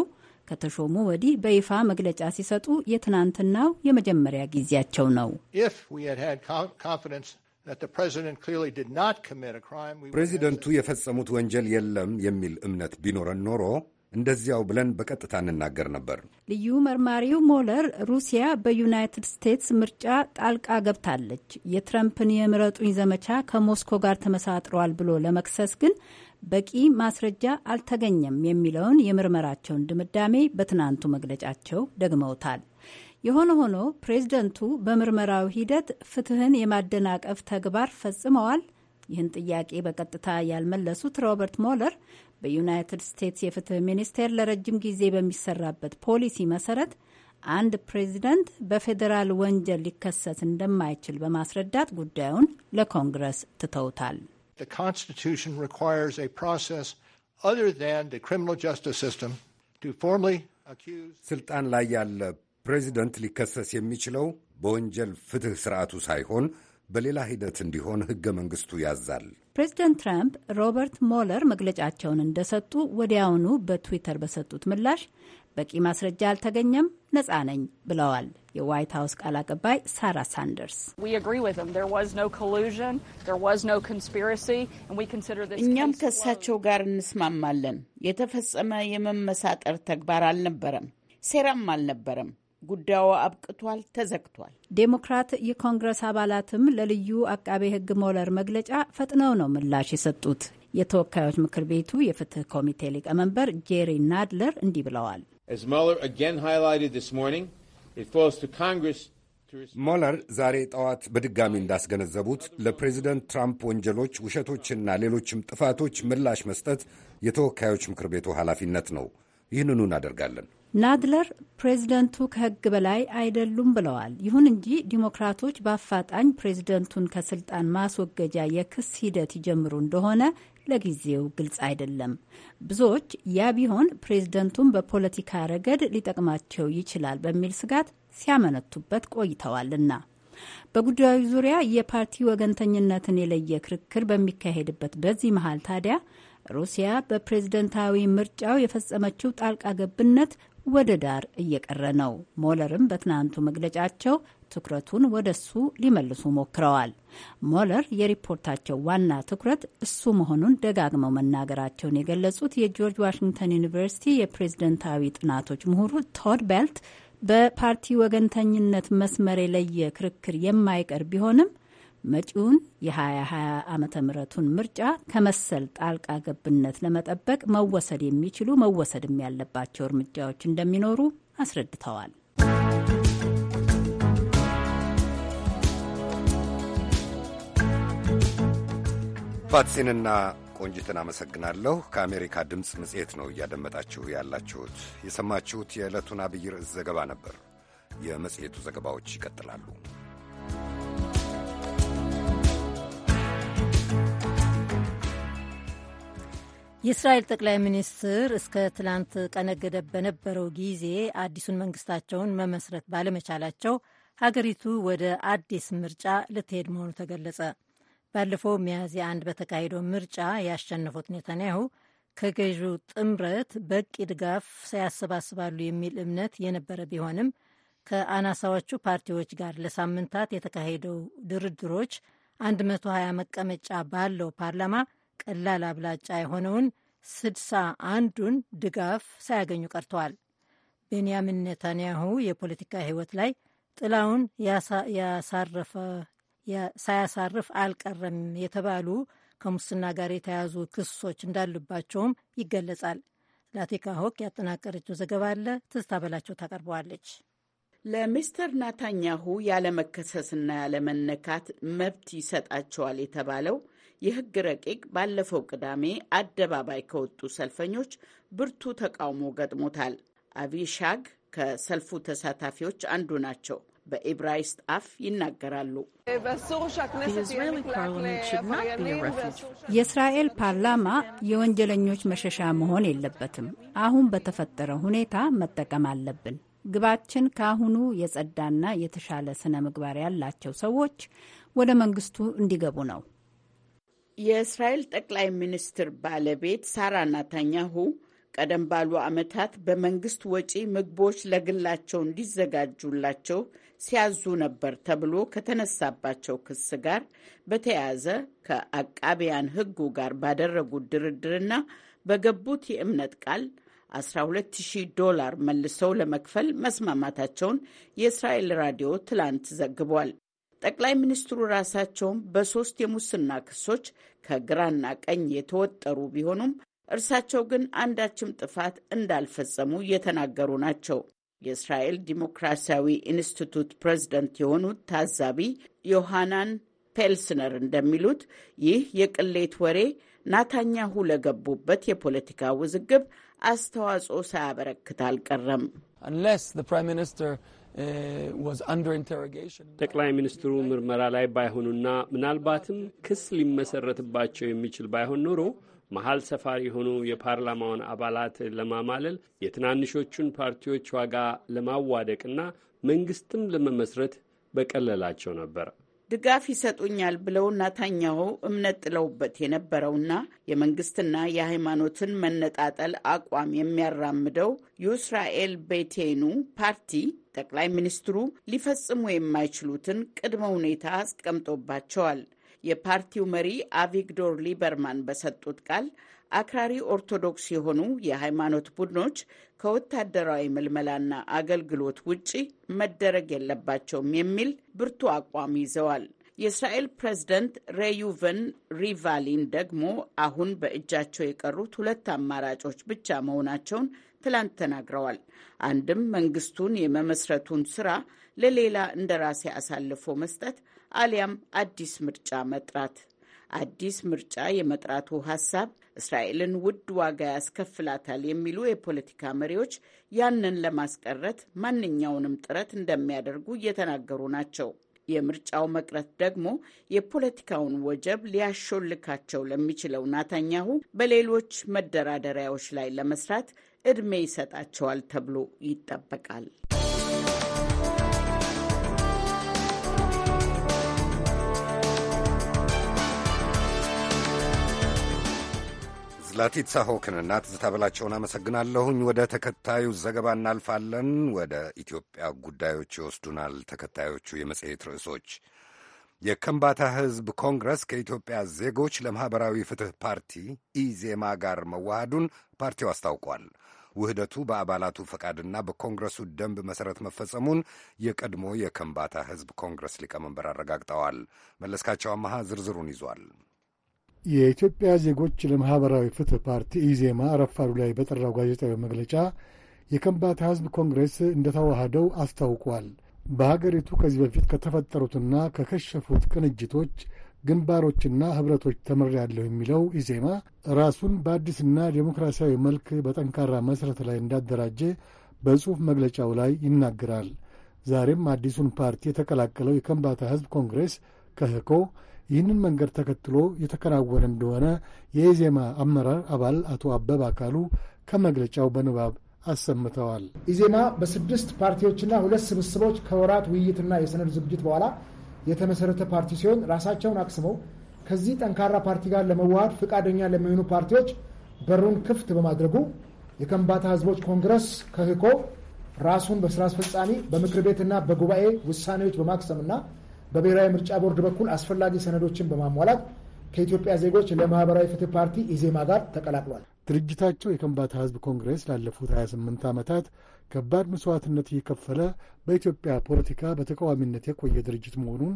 G: ከተሾሙ ወዲህ በይፋ መግለጫ ሲሰጡ የትናንትናው
A: የመጀመሪያ ጊዜያቸው ነው። ፕሬዚደንቱ የፈጸሙት ወንጀል የለም የሚል እምነት ቢኖረን ኖሮ እንደዚያው ብለን በቀጥታ እንናገር ነበር።
G: ልዩ መርማሪው ሞለር ሩሲያ በዩናይትድ ስቴትስ ምርጫ ጣልቃ ገብታለች፣ የትረምፕን የምረጡኝ ዘመቻ ከሞስኮ ጋር ተመሳጥሯል ብሎ ለመክሰስ ግን በቂ ማስረጃ አልተገኘም የሚለውን የምርመራቸውን ድምዳሜ በትናንቱ መግለጫቸው ደግመውታል። የሆነ ሆኖ ፕሬዝደንቱ በምርመራው ሂደት ፍትህን የማደናቀፍ ተግባር ፈጽመዋል? ይህን ጥያቄ በቀጥታ ያልመለሱት ሮበርት ሞለር በዩናይትድ ስቴትስ የፍትህ ሚኒስቴር ለረጅም ጊዜ በሚሰራበት ፖሊሲ መሰረት አንድ ፕሬዚደንት በፌዴራል ወንጀል ሊከሰት እንደማይችል በማስረዳት ጉዳዩን ለኮንግረስ
H: ትተውታል። ስልጣን ላይ ያለ ፕሬዚደንት ሊከሰስ
A: የሚችለው በወንጀል ፍትህ ስርዓቱ ሳይሆን በሌላ ሂደት እንዲሆን ህገ መንግስቱ ያዛል።
G: ፕሬዚደንት ትራምፕ ሮበርት ሞለር መግለጫቸውን እንደሰጡ ወዲያውኑ በትዊተር በሰጡት ምላሽ በቂ ማስረጃ አልተገኘም፣ ነጻ ነኝ ብለዋል።
D: የዋይት ሀውስ ቃል አቀባይ ሳራ ሳንደርስ እኛም ከእሳቸው ጋር እንስማማለን። የተፈጸመ የመመሳጠር ተግባር አልነበረም፣ ሴራም አልነበረም። ጉዳዩ አብቅቷል፣ ተዘግቷል።
G: ዴሞክራት የኮንግረስ አባላትም ለልዩ አቃቤ ሕግ ሞለር መግለጫ ፈጥነው ነው ምላሽ የሰጡት። የተወካዮች ምክር ቤቱ የፍትህ ኮሚቴ ሊቀመንበር ጄሪ ናድለር እንዲህ ብለዋል።
A: ሞለር ዛሬ ጠዋት በድጋሚ እንዳስገነዘቡት ለፕሬዚደንት ትራምፕ ወንጀሎች፣ ውሸቶችና ሌሎችም ጥፋቶች ምላሽ መስጠት የተወካዮች ምክር ቤቱ ኃላፊነት ነው። ይህንኑ እናደርጋለን።
G: ናድለር ፕሬዝደንቱ ከህግ በላይ አይደሉም ብለዋል። ይሁን እንጂ ዲሞክራቶች በአፋጣኝ ፕሬዝደንቱን ከስልጣን ማስወገጃ የክስ ሂደት ይጀምሩ እንደሆነ ለጊዜው ግልጽ አይደለም። ብዙዎች ያ ቢሆን ፕሬዝደንቱን በፖለቲካ ረገድ ሊጠቅማቸው ይችላል በሚል ስጋት ሲያመነቱበት ቆይተዋልና በጉዳዩ ዙሪያ የፓርቲ ወገንተኝነትን የለየ ክርክር በሚካሄድበት በዚህ መሀል ታዲያ ሩሲያ በፕሬዝደንታዊ ምርጫው የፈጸመችው ጣልቃ ገብነት ወደ ዳር እየቀረ ነው። ሞለርም በትናንቱ መግለጫቸው ትኩረቱን ወደ እሱ ሊመልሱ ሞክረዋል። ሞለር የሪፖርታቸው ዋና ትኩረት እሱ መሆኑን ደጋግመው መናገራቸውን የገለጹት የጆርጅ ዋሽንግተን ዩኒቨርሲቲ የፕሬዝደንታዊ ጥናቶች ምሁሩ ቶድ ቤልት በፓርቲ ወገንተኝነት መስመር የለየ ክርክር የማይቀር ቢሆንም መጪውን የ2020 ዓመተ ምህረቱን ምርጫ ከመሰል ጣልቃ ገብነት ለመጠበቅ መወሰድ የሚችሉ መወሰድም ያለባቸው እርምጃዎች እንደሚኖሩ አስረድተዋል።
A: ፋትሲንና ቆንጂትን አመሰግናለሁ። ከአሜሪካ ድምፅ መጽሔት ነው እያደመጣችሁ ያላችሁት። የሰማችሁት የዕለቱን አብይ ርዕስ ዘገባ ነበር። የመጽሔቱ ዘገባዎች ይቀጥላሉ።
B: የእስራኤል ጠቅላይ ሚኒስትር እስከ ትላንት ቀነገደ በነበረው ጊዜ አዲሱን መንግስታቸውን መመስረት ባለመቻላቸው ሀገሪቱ ወደ አዲስ ምርጫ ልትሄድ መሆኑ ተገለጸ። ባለፈው ሚያዝያ አንድ በተካሄደው ምርጫ ያሸነፉት ኔታንያሁ ከገዢው ጥምረት በቂ ድጋፍ ሳያሰባስባሉ የሚል እምነት የነበረ ቢሆንም ከአናሳዎቹ ፓርቲዎች ጋር ለሳምንታት የተካሄደው ድርድሮች 120 መቀመጫ ባለው ፓርላማ ቀላል አብላጫ የሆነውን ስድሳ አንዱን ድጋፍ ሳያገኙ ቀርተዋል። ቤንያሚን ኔታንያሁ የፖለቲካ ሕይወት ላይ ጥላውን ሳያሳርፍ አልቀረም የተባሉ ከሙስና ጋር የተያዙ ክሶች እንዳሉባቸውም ይገለጻል። ላቲካ ሆክ ያጠናቀረችው ዘገባ አለ ትዝታ በላቸው ታቀርበዋለች።
D: ለሚስተር ናታኛሁ ያለመከሰስና ያለመነካት መብት ይሰጣቸዋል የተባለው የህግ ረቂቅ ባለፈው ቅዳሜ አደባባይ ከወጡ ሰልፈኞች ብርቱ ተቃውሞ ገጥሞታል። አቪሻግ ከሰልፉ ተሳታፊዎች አንዱ ናቸው። በኤብራይስጥ አፍ ይናገራሉ።
G: የእስራኤል ፓርላማ የወንጀለኞች መሸሻ መሆን የለበትም። አሁን በተፈጠረ ሁኔታ መጠቀም አለብን። ግባችን ከአሁኑ የጸዳና የተሻለ ስነ ምግባር ያላቸው ሰዎች ወደ መንግስቱ እንዲገቡ ነው።
D: የእስራኤል ጠቅላይ ሚኒስትር ባለቤት ሳራ ናታኛሁ ቀደም ባሉ ዓመታት በመንግስት ወጪ ምግቦች ለግላቸው እንዲዘጋጁላቸው ሲያዙ ነበር ተብሎ ከተነሳባቸው ክስ ጋር በተያያዘ ከአቃቢያን ሕጉ ጋር ባደረጉት ድርድርና በገቡት የእምነት ቃል 120 ዶላር መልሰው ለመክፈል መስማማታቸውን የእስራኤል ራዲዮ ትላንት ዘግቧል። ጠቅላይ ሚኒስትሩ ራሳቸውም በሶስት የሙስና ክሶች ከግራና ቀኝ የተወጠሩ ቢሆኑም እርሳቸው ግን አንዳችም ጥፋት እንዳልፈጸሙ የተናገሩ ናቸው። የእስራኤል ዲሞክራሲያዊ ኢንስቲቱት ፕሬዝደንት የሆኑት ታዛቢ ዮሐናን ፔልስነር እንደሚሉት ይህ የቅሌት ወሬ ናታኛሁ ለገቡበት የፖለቲካ ውዝግብ አስተዋጽኦ ሳያበረክት አልቀረም። ጠቅላይ ሚኒስትሩ
I: ምርመራ ላይ ባይሆኑና ምናልባትም ክስ ሊመሰረትባቸው የሚችል ባይሆን ኖሮ መሀል ሰፋሪ የሆኑ የፓርላማውን አባላት ለማማለል የትናንሾቹን ፓርቲዎች ዋጋ ለማዋደቅና መንግስትም ለመመስረት በቀለላቸው ነበር።
D: ድጋፍ ይሰጡኛል ብለው ናታኛው እምነት ጥለውበት የነበረውና የመንግስትና የሃይማኖትን መነጣጠል አቋም የሚያራምደው የእስራኤል ቤቴኑ ፓርቲ ጠቅላይ ሚኒስትሩ ሊፈጽሙ የማይችሉትን ቅድመ ሁኔታ አስቀምጦባቸዋል። የፓርቲው መሪ አቪግዶር ሊበርማን በሰጡት ቃል አክራሪ ኦርቶዶክስ የሆኑ የሃይማኖት ቡድኖች ከወታደራዊ ምልመላና አገልግሎት ውጪ መደረግ የለባቸውም የሚል ብርቱ አቋም ይዘዋል። የእስራኤል ፕሬዝደንት ሬዩቨን ሪቫሊን ደግሞ አሁን በእጃቸው የቀሩት ሁለት አማራጮች ብቻ መሆናቸውን ትላንት ተናግረዋል። አንድም መንግስቱን የመመስረቱን ስራ ለሌላ እንደራሴ አሳልፎ መስጠት አሊያም አዲስ ምርጫ መጥራት አዲስ ምርጫ የመጥራቱ ሀሳብ እስራኤልን ውድ ዋጋ ያስከፍላታል የሚሉ የፖለቲካ መሪዎች ያንን ለማስቀረት ማንኛውንም ጥረት እንደሚያደርጉ እየተናገሩ ናቸው። የምርጫው መቅረት ደግሞ የፖለቲካውን ወጀብ ሊያሾልካቸው ለሚችለው ናታኛሁ በሌሎች መደራደሪያዎች ላይ ለመስራት እድሜ ይሰጣቸዋል ተብሎ ይጠበቃል።
A: ላቲት ሳሆክንና ትዝታ በላቸውን አመሰግናለሁኝ። ወደ ተከታዩ ዘገባ እናልፋለን። ወደ ኢትዮጵያ ጉዳዮች ይወስዱናል ተከታዮቹ የመጽሔት ርዕሶች። የከምባታ ሕዝብ ኮንግረስ ከኢትዮጵያ ዜጎች ለማኅበራዊ ፍትሕ ፓርቲ ኢዜማ ጋር መዋሃዱን ፓርቲው አስታውቋል። ውህደቱ በአባላቱ ፈቃድና በኮንግረሱ ደንብ መሠረት መፈጸሙን የቀድሞ የከምባታ ሕዝብ ኮንግረስ ሊቀመንበር አረጋግጠዋል። መለስካቸው አመሃ ዝርዝሩን ይዟል።
H: የኢትዮጵያ ዜጎች ለማኅበራዊ ፍትሕ ፓርቲ ኢዜማ ረፋዱ ላይ በጠራው ጋዜጣዊ መግለጫ የከምባታ ሕዝብ ኮንግሬስ እንደተዋሃደው አስታውቋል። በሀገሪቱ ከዚህ በፊት ከተፈጠሩትና ከከሸፉት ቅንጅቶች ግንባሮችና ኅብረቶች ተምሬያለሁ የሚለው ኢዜማ ራሱን በአዲስና ዴሞክራሲያዊ መልክ በጠንካራ መሠረት ላይ እንዳደራጀ በጽሑፍ መግለጫው ላይ ይናገራል። ዛሬም አዲሱን ፓርቲ የተቀላቀለው የከምባታ ሕዝብ ኮንግሬስ ከህኮ ይህንን መንገድ ተከትሎ የተከናወነ እንደሆነ የኢዜማ አመራር አባል አቶ አበብ አካሉ ከመግለጫው በንባብ አሰምተዋል። ኢዜማ በስድስት ፓርቲዎችና ሁለት ስብስቦች ከወራት ውይይትና የሰነድ ዝግጅት በኋላ የተመሰረተ ፓርቲ ሲሆን ራሳቸውን አክስመው ከዚህ ጠንካራ ፓርቲ ጋር ለመዋሃድ ፈቃደኛ ለሚሆኑ ፓርቲዎች በሩን ክፍት በማድረጉ የከንባታ ህዝቦች ኮንግረስ ከህኮ ራሱን በስራ አስፈጻሚ በምክር ቤትና በጉባኤ ውሳኔዎች በማክሰምና በብሔራዊ ምርጫ ቦርድ በኩል አስፈላጊ ሰነዶችን በማሟላት ከኢትዮጵያ ዜጎች ለማህበራዊ ፍትህ ፓርቲ ኢዜማ ጋር ተቀላቅሏል። ድርጅታቸው የከምባታ ህዝብ ኮንግሬስ ላለፉት 28 ዓመታት ከባድ መስዋዕትነት እየከፈለ በኢትዮጵያ ፖለቲካ በተቃዋሚነት የቆየ ድርጅት መሆኑን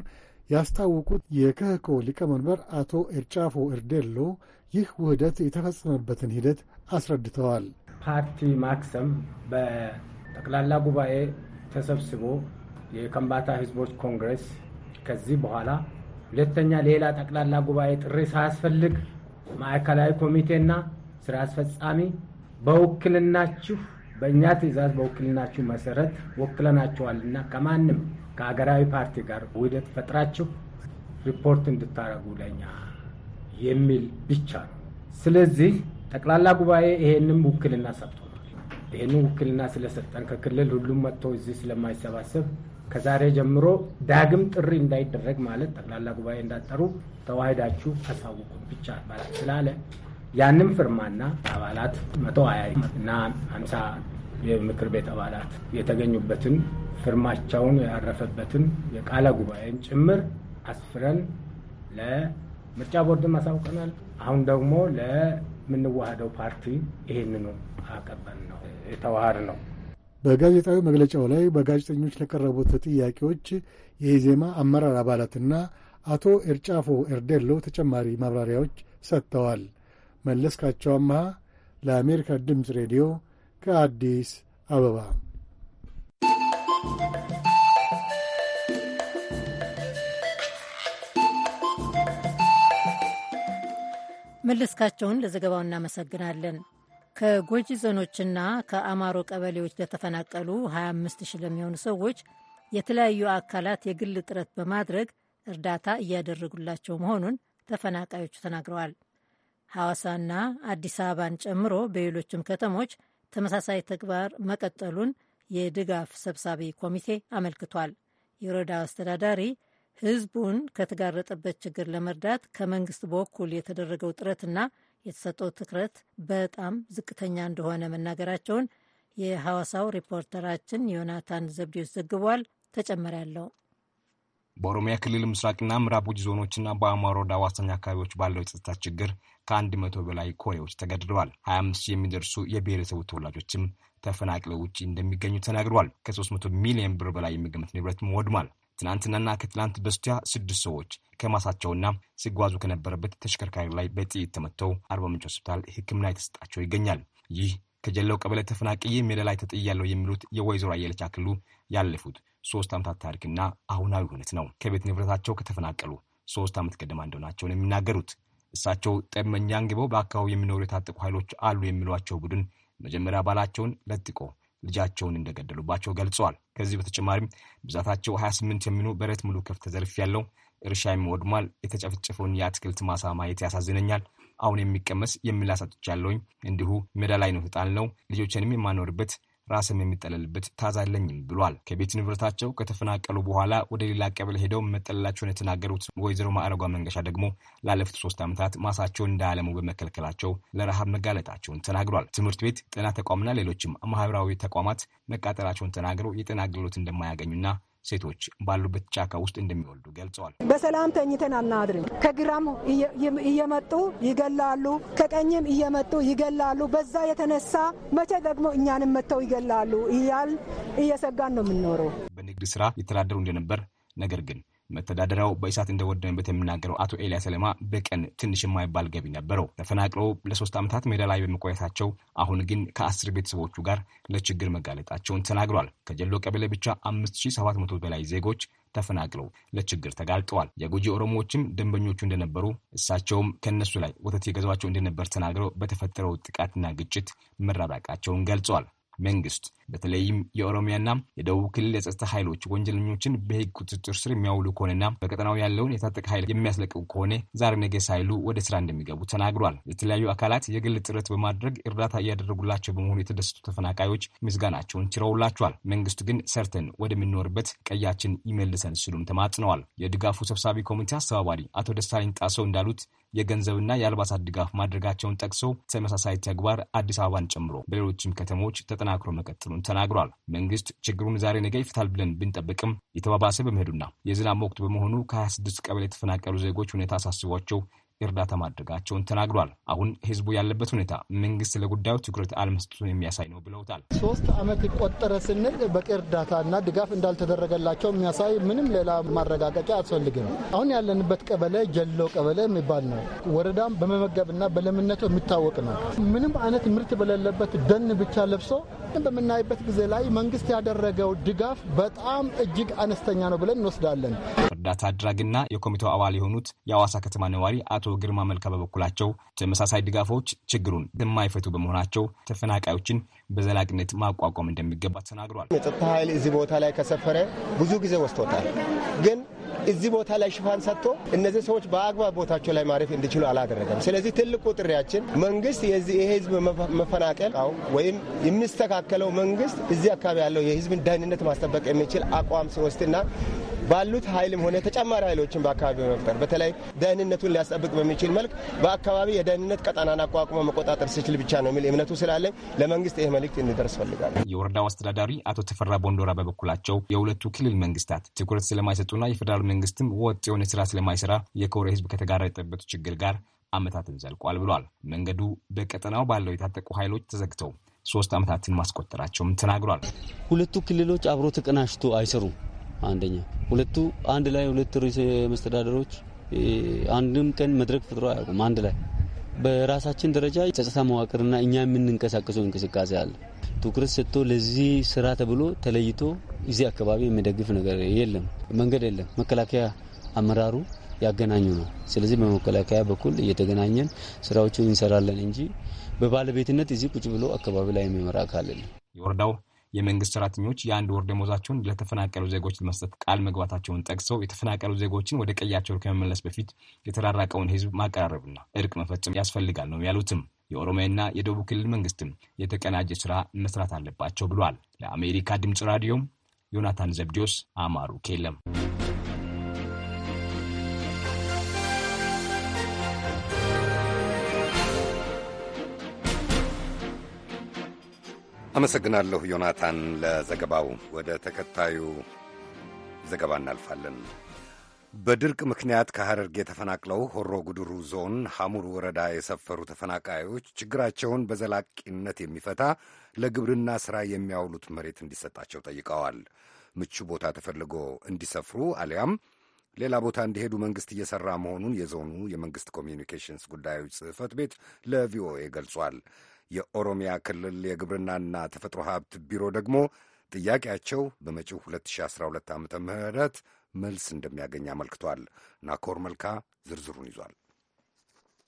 H: ያስታወቁት የከህኮ ሊቀመንበር አቶ ኤርጫፎ ኤርዴሎ ይህ ውህደት የተፈጸመበትን ሂደት አስረድተዋል።
J: ፓርቲ ማክሰም በጠቅላላ ጉባኤ ተሰብስቦ የከንባታ ህዝቦች ኮንግሬስ ከዚህ በኋላ ሁለተኛ ሌላ ጠቅላላ ጉባኤ ጥሪ ሳያስፈልግ ማዕከላዊ ኮሚቴና ስራ አስፈጻሚ በውክልናችሁ በእኛ ትእዛዝ በውክልናችሁ መሰረት ወክለናችኋልና ከማንም ከሀገራዊ ፓርቲ ጋር ውህደት ፈጥራችሁ ሪፖርት እንድታረጉ ለኛ የሚል ብቻ ነው። ስለዚህ ጠቅላላ ጉባኤ ይሄንም ውክልና ሰጥቶናል። ይሄንን ውክልና ስለሰጠን ከክልል ሁሉም መጥቶ እዚህ ስለማይሰባሰብ ከዛሬ ጀምሮ ዳግም ጥሪ እንዳይደረግ ማለት ጠቅላላ ጉባኤ እንዳጠሩ ተዋሂዳችሁ አሳውቁ ብቻ አባላት ስላለ ያንም ፍርማና አባላት መቶ ሀያ እና ሀምሳ የምክር ቤት አባላት የተገኙበትን ፍርማቸውን ያረፈበትን የቃለ ጉባኤን ጭምር አስፍረን ለምርጫ ቦርድ አሳውቀናል። አሁን ደግሞ ለምንዋሃደው ፓርቲ ይህንኑ አቀበል ነው የተዋሃድ ነው።
H: በጋዜጣዊ መግለጫው ላይ በጋዜጠኞች ለቀረቡት ጥያቄዎች የኢዜማ አመራር አባላትና አቶ ኤርጫፎ ኤርዴሎ ተጨማሪ ማብራሪያዎች ሰጥተዋል። መለስካቸው አምሃ ለአሜሪካ ድምፅ ሬዲዮ ከአዲስ አበባ
B: መለስካቸውን ለዘገባው እናመሰግናለን። ከጎጂ ዞኖችና ከአማሮ ቀበሌዎች ለተፈናቀሉ 25 ሺህ ለሚሆኑ ሰዎች የተለያዩ አካላት የግል ጥረት በማድረግ እርዳታ እያደረጉላቸው መሆኑን ተፈናቃዮቹ ተናግረዋል። ሐዋሳና አዲስ አበባን ጨምሮ በሌሎችም ከተሞች ተመሳሳይ ተግባር መቀጠሉን የድጋፍ ሰብሳቢ ኮሚቴ አመልክቷል። የወረዳው አስተዳዳሪ ህዝቡን ከተጋረጠበት ችግር ለመርዳት ከመንግስት በኩል የተደረገው ጥረትና የተሰጠው ትኩረት በጣም ዝቅተኛ እንደሆነ መናገራቸውን የሐዋሳው ሪፖርተራችን ዮናታን ዘብዴዎስ ዘግቧል። ተጨማሪ ያለው
K: በኦሮሚያ ክልል ምስራቅና ምዕራብ ጉጂ ዞኖችና በአማሮ ወረዳ ዋስተኛ አካባቢዎች ባለው የጸጥታ ችግር ከአንድ መቶ በላይ ኮሬዎች ተገድለዋል። 25 የሚደርሱ የብሔረሰቡ ተወላጆችም ተፈናቅለው ውጭ እንደሚገኙ ተናግረዋል። ከ300 ሚሊዮን ብር በላይ የሚገመት ንብረትም ወድሟል። ትናንትናና ከትናንት በስቲያ ስድስት ሰዎች ከማሳቸውና ሲጓዙ ከነበረበት ተሽከርካሪ ላይ በጥይት ተመተው አርባ ምንጭ ሆስፒታል ሕክምና የተሰጣቸው ይገኛል። ይህ ከጀለው ቀበሌ ተፈናቅዬ ሜዳ ላይ ተጥያለሁ የሚሉት የወይዘሮ አየለች አክሉ ያለፉት ሶስት ዓመታት ታሪክና አሁናዊ ሁነት ነው። ከቤት ንብረታቸው ከተፈናቀሉ ሶስት ዓመት ገደማ እንደሆናቸውን የሚናገሩት እሳቸው ጠመኛ አንግበው በአካባቢው የሚኖሩ የታጠቁ ኃይሎች አሉ የሚሏቸው ቡድን መጀመሪያ አባላቸውን ለጥቆ ልጃቸውን እንደገደሉባቸው ገልጸዋል። ከዚህ በተጨማሪም ብዛታቸው 28 የሚሆኑ በረት ሙሉ ከፍ ተዘርፍ ያለው እርሻም ወድሟል። የተጨፈጨፈውን የአትክልት ማሳ ማየት ያሳዝነኛል። አሁን የሚቀመስ የሚላሳቶች ያለውኝ እንዲሁ ሜዳ ላይ ነው። ህጣን ነው ልጆችንም የማኖርበት ራስን የሚጠለልበት ታዛለኝም ብሏል። ከቤት ንብረታቸው ከተፈናቀሉ በኋላ ወደ ሌላ ቀበሌ ሄደው መጠለላቸውን የተናገሩት ወይዘሮ ማዕረጓ መንገሻ ደግሞ ላለፉት ሶስት ዓመታት ማሳቸውን እንዳያለሙ በመከልከላቸው ለረሃብ መጋለጣቸውን ተናግሯል። ትምህርት ቤት፣ ጤና ተቋምና ሌሎችም ማህበራዊ ተቋማት መቃጠላቸውን ተናግረው የጤና አገልግሎት እንደማያገኙና ሴቶች ባሉበት ጫካ ውስጥ እንደሚወልዱ ገልጸዋል።
G: በሰላም ተኝተን አናድርም። ከግራም እየመጡ ይገላሉ፣ ከቀኝም እየመጡ ይገላሉ። በዛ የተነሳ መቼ ደግሞ እኛንም መጥተው ይገላሉ እያል እየሰጋን ነው የምንኖረው።
K: በንግድ ስራ የተዳደሩ እንደነበር ነገር ግን መተዳደሪያው በእሳት እንደወደመበት የሚናገረው አቶ ኤልያስ ለማ በቀን ትንሽ የማይባል ገቢ ነበረው። ተፈናቅለው ለሶስት ዓመታት ሜዳ ላይ በመቆየታቸው አሁን ግን ከአስር ቤተሰቦቹ ጋር ለችግር መጋለጣቸውን ተናግሯል። ከጀሎ ቀበሌ ብቻ መቶ በላይ ዜጎች ተፈናቅለው ለችግር ተጋልጠዋል። የጉጂ ኦሮሞዎችም ደንበኞቹ እንደነበሩ እሳቸውም ከእነሱ ላይ ወተት የገዛቸው እንደነበር ተናግረው በተፈጠረው ጥቃትና ግጭት መራራቃቸውን ገልጸዋል። መንግስት በተለይም የኦሮሚያና የደቡብ ክልል የጸጥታ ኃይሎች ወንጀለኞችን በህግ ቁጥጥር ስር የሚያውሉ ከሆነና በቀጠናው ያለውን የታጠቀ ኃይል የሚያስለቅቁ ከሆነ ዛሬ ነገ ሳይሉ ወደ ስራ እንደሚገቡ ተናግሯል። የተለያዩ አካላት የግል ጥረት በማድረግ እርዳታ እያደረጉላቸው በመሆኑ የተደሰቱ ተፈናቃዮች ምስጋናቸውን ችረውላቸዋል። መንግስቱ ግን ሰርተን ወደምንኖርበት ቀያችን ይመልሰን ሲሉም ተማጽነዋል። የድጋፉ ሰብሳቢ ኮሚቴ አስተባባሪ አቶ ደሳለኝ ጣሰው እንዳሉት የገንዘብና የአልባሳት ድጋፍ ማድረጋቸውን ጠቅሶ ተመሳሳይ ተግባር አዲስ አበባን ጨምሮ በሌሎችም ከተሞች ተጠናክሮ መቀጠሉን ተናግሯል። መንግስት ችግሩን ዛሬ ነገ ይፍታል ብለን ብንጠብቅም የተባባሰ በመሄዱና የዝናብ ወቅት በመሆኑ ከ26 ቀበሌ የተፈናቀሉ ዜጎች ሁኔታ አሳስቧቸው እርዳታ ማድረጋቸውን ተናግሯል። አሁን ህዝቡ ያለበት ሁኔታ መንግስት ለጉዳዩ ትኩረት አለመስጠቱን የሚያሳይ ነው ብለውታል።
H: ሶስት ዓመት ይቆጠረ ስንል በቂ እርዳታና ድጋፍ እንዳልተደረገላቸው የሚያሳይ ምንም ሌላ ማረጋገጫ አያስፈልግም። አሁን ያለንበት ቀበሌ ጀሎ ቀበሌ የሚባል ነው። ወረዳም በመመገብና በለምነቱ የሚታወቅ ነው። ምንም አይነት ምርት በሌለበት ደን ብቻ ለብሶ በምናይበት ጊዜ ላይ መንግስት ያደረገው ድጋፍ በጣም እጅግ አነስተኛ ነው ብለን እንወስዳለን።
K: እርዳታ አድራጊና የኮሚቴው አባል የሆኑት የአዋሳ ከተማ ነዋሪ አቶ አቶ ግርማ መልካ በበኩላቸው ተመሳሳይ ድጋፎች ችግሩን የማይፈቱ በመሆናቸው ተፈናቃዮችን በዘላቂነት ማቋቋም እንደሚገባ ተናግሯል።
J: የጸጥታ ኃይል እዚህ ቦታ ላይ ከሰፈረ ብዙ ጊዜ ወስቶታል ግን እዚህ ቦታ ላይ ሽፋን ሰጥቶ እነዚህ ሰዎች በአግባብ ቦታቸው ላይ ማረፍ እንዲችሉ አላደረገም። ስለዚህ ትልቁ ጥሪያችን መንግስት የህዝብ መፈናቀል ወይም የሚስተካከለው መንግስት እዚህ አካባቢ ያለው የህዝብን ደህንነት ማስጠበቅ የሚችል አቋም ሲወስድና ባሉት ኃይልም ሆነ ተጨማሪ ኃይሎችን በአካባቢ መፍጠር በተለይ ደህንነቱን ሊያስጠብቅ በሚችል መልክ በአካባቢ የደህንነት ቀጠናን አቋቁመ መቆጣጠር ሲችል ብቻ ነው የሚል እምነቱ ስላለ ለመንግስት ይህ መልእክት እንደርስ ፈልጋል።
K: የወረዳው አስተዳዳሪ አቶ ተፈራ ቦንዶራ በበኩላቸው የሁለቱ ክልል መንግስታት ትኩረት ስለማይሰጡና የፌዴራል መንግስትም ወጥ የሆነ ስራ ስለማይሰራ የኮሪያ ህዝብ ከተጋረጠበት ችግር ጋር አመታትን ዘልቋል ብሏል። መንገዱ በቀጠናው ባለው የታጠቁ ኃይሎች ተዘግተው ሶስት
I: ዓመታትን ማስቆጠራቸውም ተናግሯል። ሁለቱ ክልሎች አብሮ ተቀናሽቶ አይሰሩም። አንደኛ ሁለቱ አንድ ላይ ሁለት ርዕሰ መስተዳደሮች አንድም ቀን መድረክ ፍጥሮ አያውቁም። አንድ ላይ በራሳችን ደረጃ ጸጥታ መዋቅርና እኛ የምንንቀሳቀሰው እንቅስቃሴ አለ። ትኩረት ሰጥቶ ለዚህ ስራ ተብሎ ተለይቶ እዚህ አካባቢ የሚደግፍ ነገር የለም፣ መንገድ የለም። መከላከያ አመራሩ ያገናኙ ነው። ስለዚህ በመከላከያ በኩል እየተገናኘን ስራዎቹን እንሰራለን እንጂ በባለቤትነት እዚህ ቁጭ ብሎ አካባቢ ላይ የሚመራ ካለል
K: የወረዳው የመንግስት ሰራተኞች የአንድ ወር ደሞዛቸውን ለተፈናቀሉ ዜጎች ለመስጠት ቃል መግባታቸውን ጠቅሰው የተፈናቀሉ ዜጎችን ወደ ቀያቸው ከመመለስ በፊት የተራራቀውን ህዝብ ማቀራረብና እርቅ መፈጸም ያስፈልጋል ነው ያሉትም። የኦሮሚያና የደቡብ ክልል መንግስትም የተቀናጀ ስራ መስራት አለባቸው ብሏል። ለአሜሪካ ድምፅ ራዲዮም ዮናታን ዘብዲዮስ አማሩ ኬለም
A: አመሰግናለሁ ዮናታን ለዘገባው። ወደ ተከታዩ ዘገባ እናልፋለን። በድርቅ ምክንያት ከሐረርጌ የተፈናቅለው ሆሮ ጉድሩ ዞን ሐሙር ወረዳ የሰፈሩ ተፈናቃዮች ችግራቸውን በዘላቂነት የሚፈታ ለግብርና ሥራ የሚያውሉት መሬት እንዲሰጣቸው ጠይቀዋል። ምቹ ቦታ ተፈልጎ እንዲሰፍሩ አሊያም ሌላ ቦታ እንዲሄዱ መንግሥት እየሠራ መሆኑን የዞኑ የመንግሥት ኮሚዩኒኬሽንስ ጉዳዮች ጽሕፈት ቤት ለቪኦኤ ገልጿል። የኦሮሚያ ክልል የግብርናና ተፈጥሮ ሀብት ቢሮ ደግሞ ጥያቄያቸው በመጪው 2012 ዓ ም መልስ እንደሚያገኝ አመልክቷል። ናኮር መልካ ዝርዝሩን ይዟል።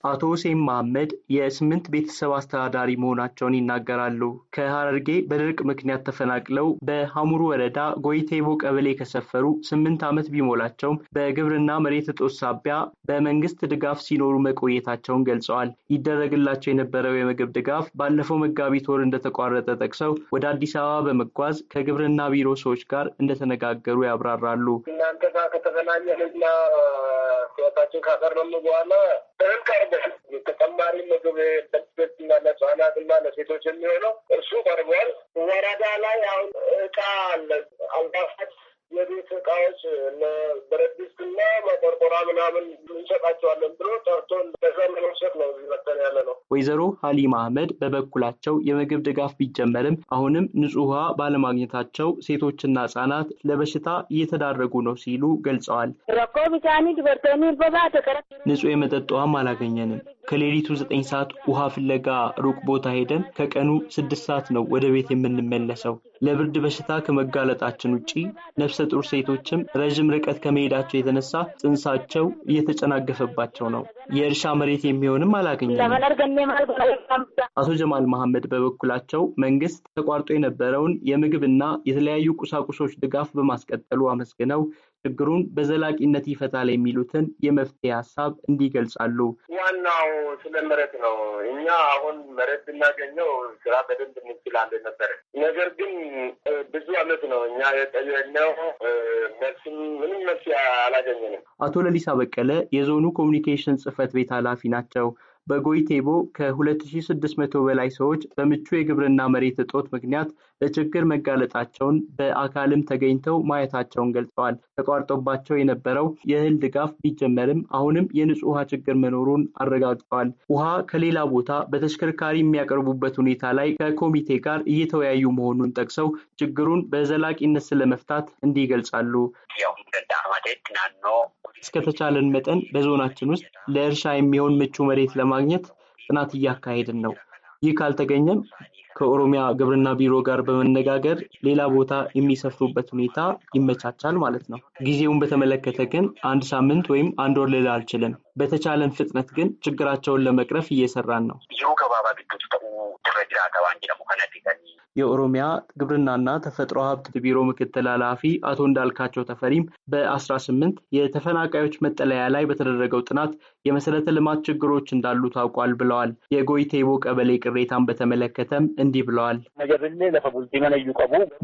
I: አቶ ሁሴን መሀመድ የስምንት ቤተሰብ አስተዳዳሪ መሆናቸውን ይናገራሉ። ከሀረርጌ በድርቅ ምክንያት ተፈናቅለው በሀሙር ወረዳ ጎይቴቦ ቀበሌ ከሰፈሩ ስምንት ዓመት ቢሞላቸውም በግብርና መሬት እጦት ሳቢያ በመንግስት ድጋፍ ሲኖሩ መቆየታቸውን ገልጸዋል። ይደረግላቸው የነበረው የምግብ ድጋፍ ባለፈው መጋቢት ወር እንደተቋረጠ ጠቅሰው ወደ አዲስ አበባ በመጓዝ ከግብርና ቢሮ ሰዎች ጋር እንደተነጋገሩ ያብራራሉ።
J: እናንተ ከተገናኘንና ህይወታችን ካቀረብን በኋላ እህል ቀርበል ተጨማሪ ምግብ ለሴቶችና ለህጻናትና ለሴቶች የሚሆነው እሱ ቀርቧል። ወረዳ ላይ አሁን እቃ አለ አልባሳት የቤት እቃዎች ብረት ድስትና መቆርቆራ ምናምን እንሰጣቸዋለን ብሎ ጠርቶን በዛ ለመውሰድ ነው እዚህ መተን ያለ
I: ነው። ወይዘሮ ሀሊማ አህመድ በበኩላቸው የምግብ ድጋፍ ቢጀመርም አሁንም ንጹህ ውሃ ባለማግኘታቸው ሴቶችና ህጻናት ለበሽታ እየተዳረጉ ነው ሲሉ ገልጸዋል። ንጹህ የመጠጥ ውሃም አላገኘንም። ከሌሊቱ ዘጠኝ ሰዓት ውሃ ፍለጋ ሩቅ ቦታ ሄደን ከቀኑ ስድስት ሰዓት ነው ወደ ቤት የምንመለሰው። ለብርድ በሽታ ከመጋለጣችን ውጪ ነፍሰ ጡር ሴቶችም ረዥም ርቀት ከመሄዳቸው የተነሳ ጽንሳቸው እየተጨናገፈባቸው ነው። የእርሻ መሬት የሚሆንም አላገኘም። አቶ ጀማል መሐመድ በበኩላቸው መንግስት ተቋርጦ የነበረውን የምግብና የተለያዩ ቁሳቁሶች ድጋፍ በማስቀጠሉ አመስግነው ችግሩን በዘላቂነት ይፈታል የሚሉትን የመፍትሄ ሀሳብ እንዲገልጻሉ።
J: ዋናው ስለ መሬት ነው። እኛ አሁን መሬት ብናገኘው ስራ በደንብ እንችላለን ነበረ። ነገር ግን ብዙ አመት ነው እኛ የጠየቅነው መልስም ምንም መልስ አላገኘንም።
I: አቶ ለሊሳ በቀለ የዞኑ ኮሚኒኬሽን ጽህፈት ቤት ኃላፊ ናቸው። በጎይቴቦ ከ2600 በላይ ሰዎች በምቹ የግብርና መሬት እጦት ምክንያት ለችግር መጋለጣቸውን በአካልም ተገኝተው ማየታቸውን ገልጸዋል። ተቋርጦባቸው የነበረው የእህል ድጋፍ ቢጀመርም አሁንም የንጹህ ውሃ ችግር መኖሩን አረጋግጠዋል። ውሃ ከሌላ ቦታ በተሽከርካሪ የሚያቀርቡበት ሁኔታ ላይ ከኮሚቴ ጋር እየተወያዩ መሆኑን ጠቅሰው ችግሩን በዘላቂነት ስለመፍታት እንዲህ ይገልጻሉ። እስከተቻለን መጠን በዞናችን ውስጥ ለእርሻ የሚሆን ምቹ መሬት ለማግኘት ጥናት እያካሄድን ነው። ይህ ካልተገኘም ከኦሮሚያ ግብርና ቢሮ ጋር በመነጋገር ሌላ ቦታ የሚሰፍሩበት ሁኔታ ይመቻቻል ማለት ነው። ጊዜውን በተመለከተ ግን አንድ ሳምንት ወይም አንድ ወር ልል አልችልም። በተቻለን ፍጥነት ግን ችግራቸውን ለመቅረፍ እየሰራን ነው። የኦሮሚያ ግብርናና ተፈጥሮ ሀብት ቢሮ ምክትል ኃላፊ አቶ እንዳልካቸው ተፈሪም በ18 የተፈናቃዮች መጠለያ ላይ በተደረገው ጥናት የመሰረተ ልማት ችግሮች እንዳሉ ታውቋል ብለዋል። የጎይቴቦ ቀበሌ ቅሬታን በተመለከተም እንዲህ ብለዋል።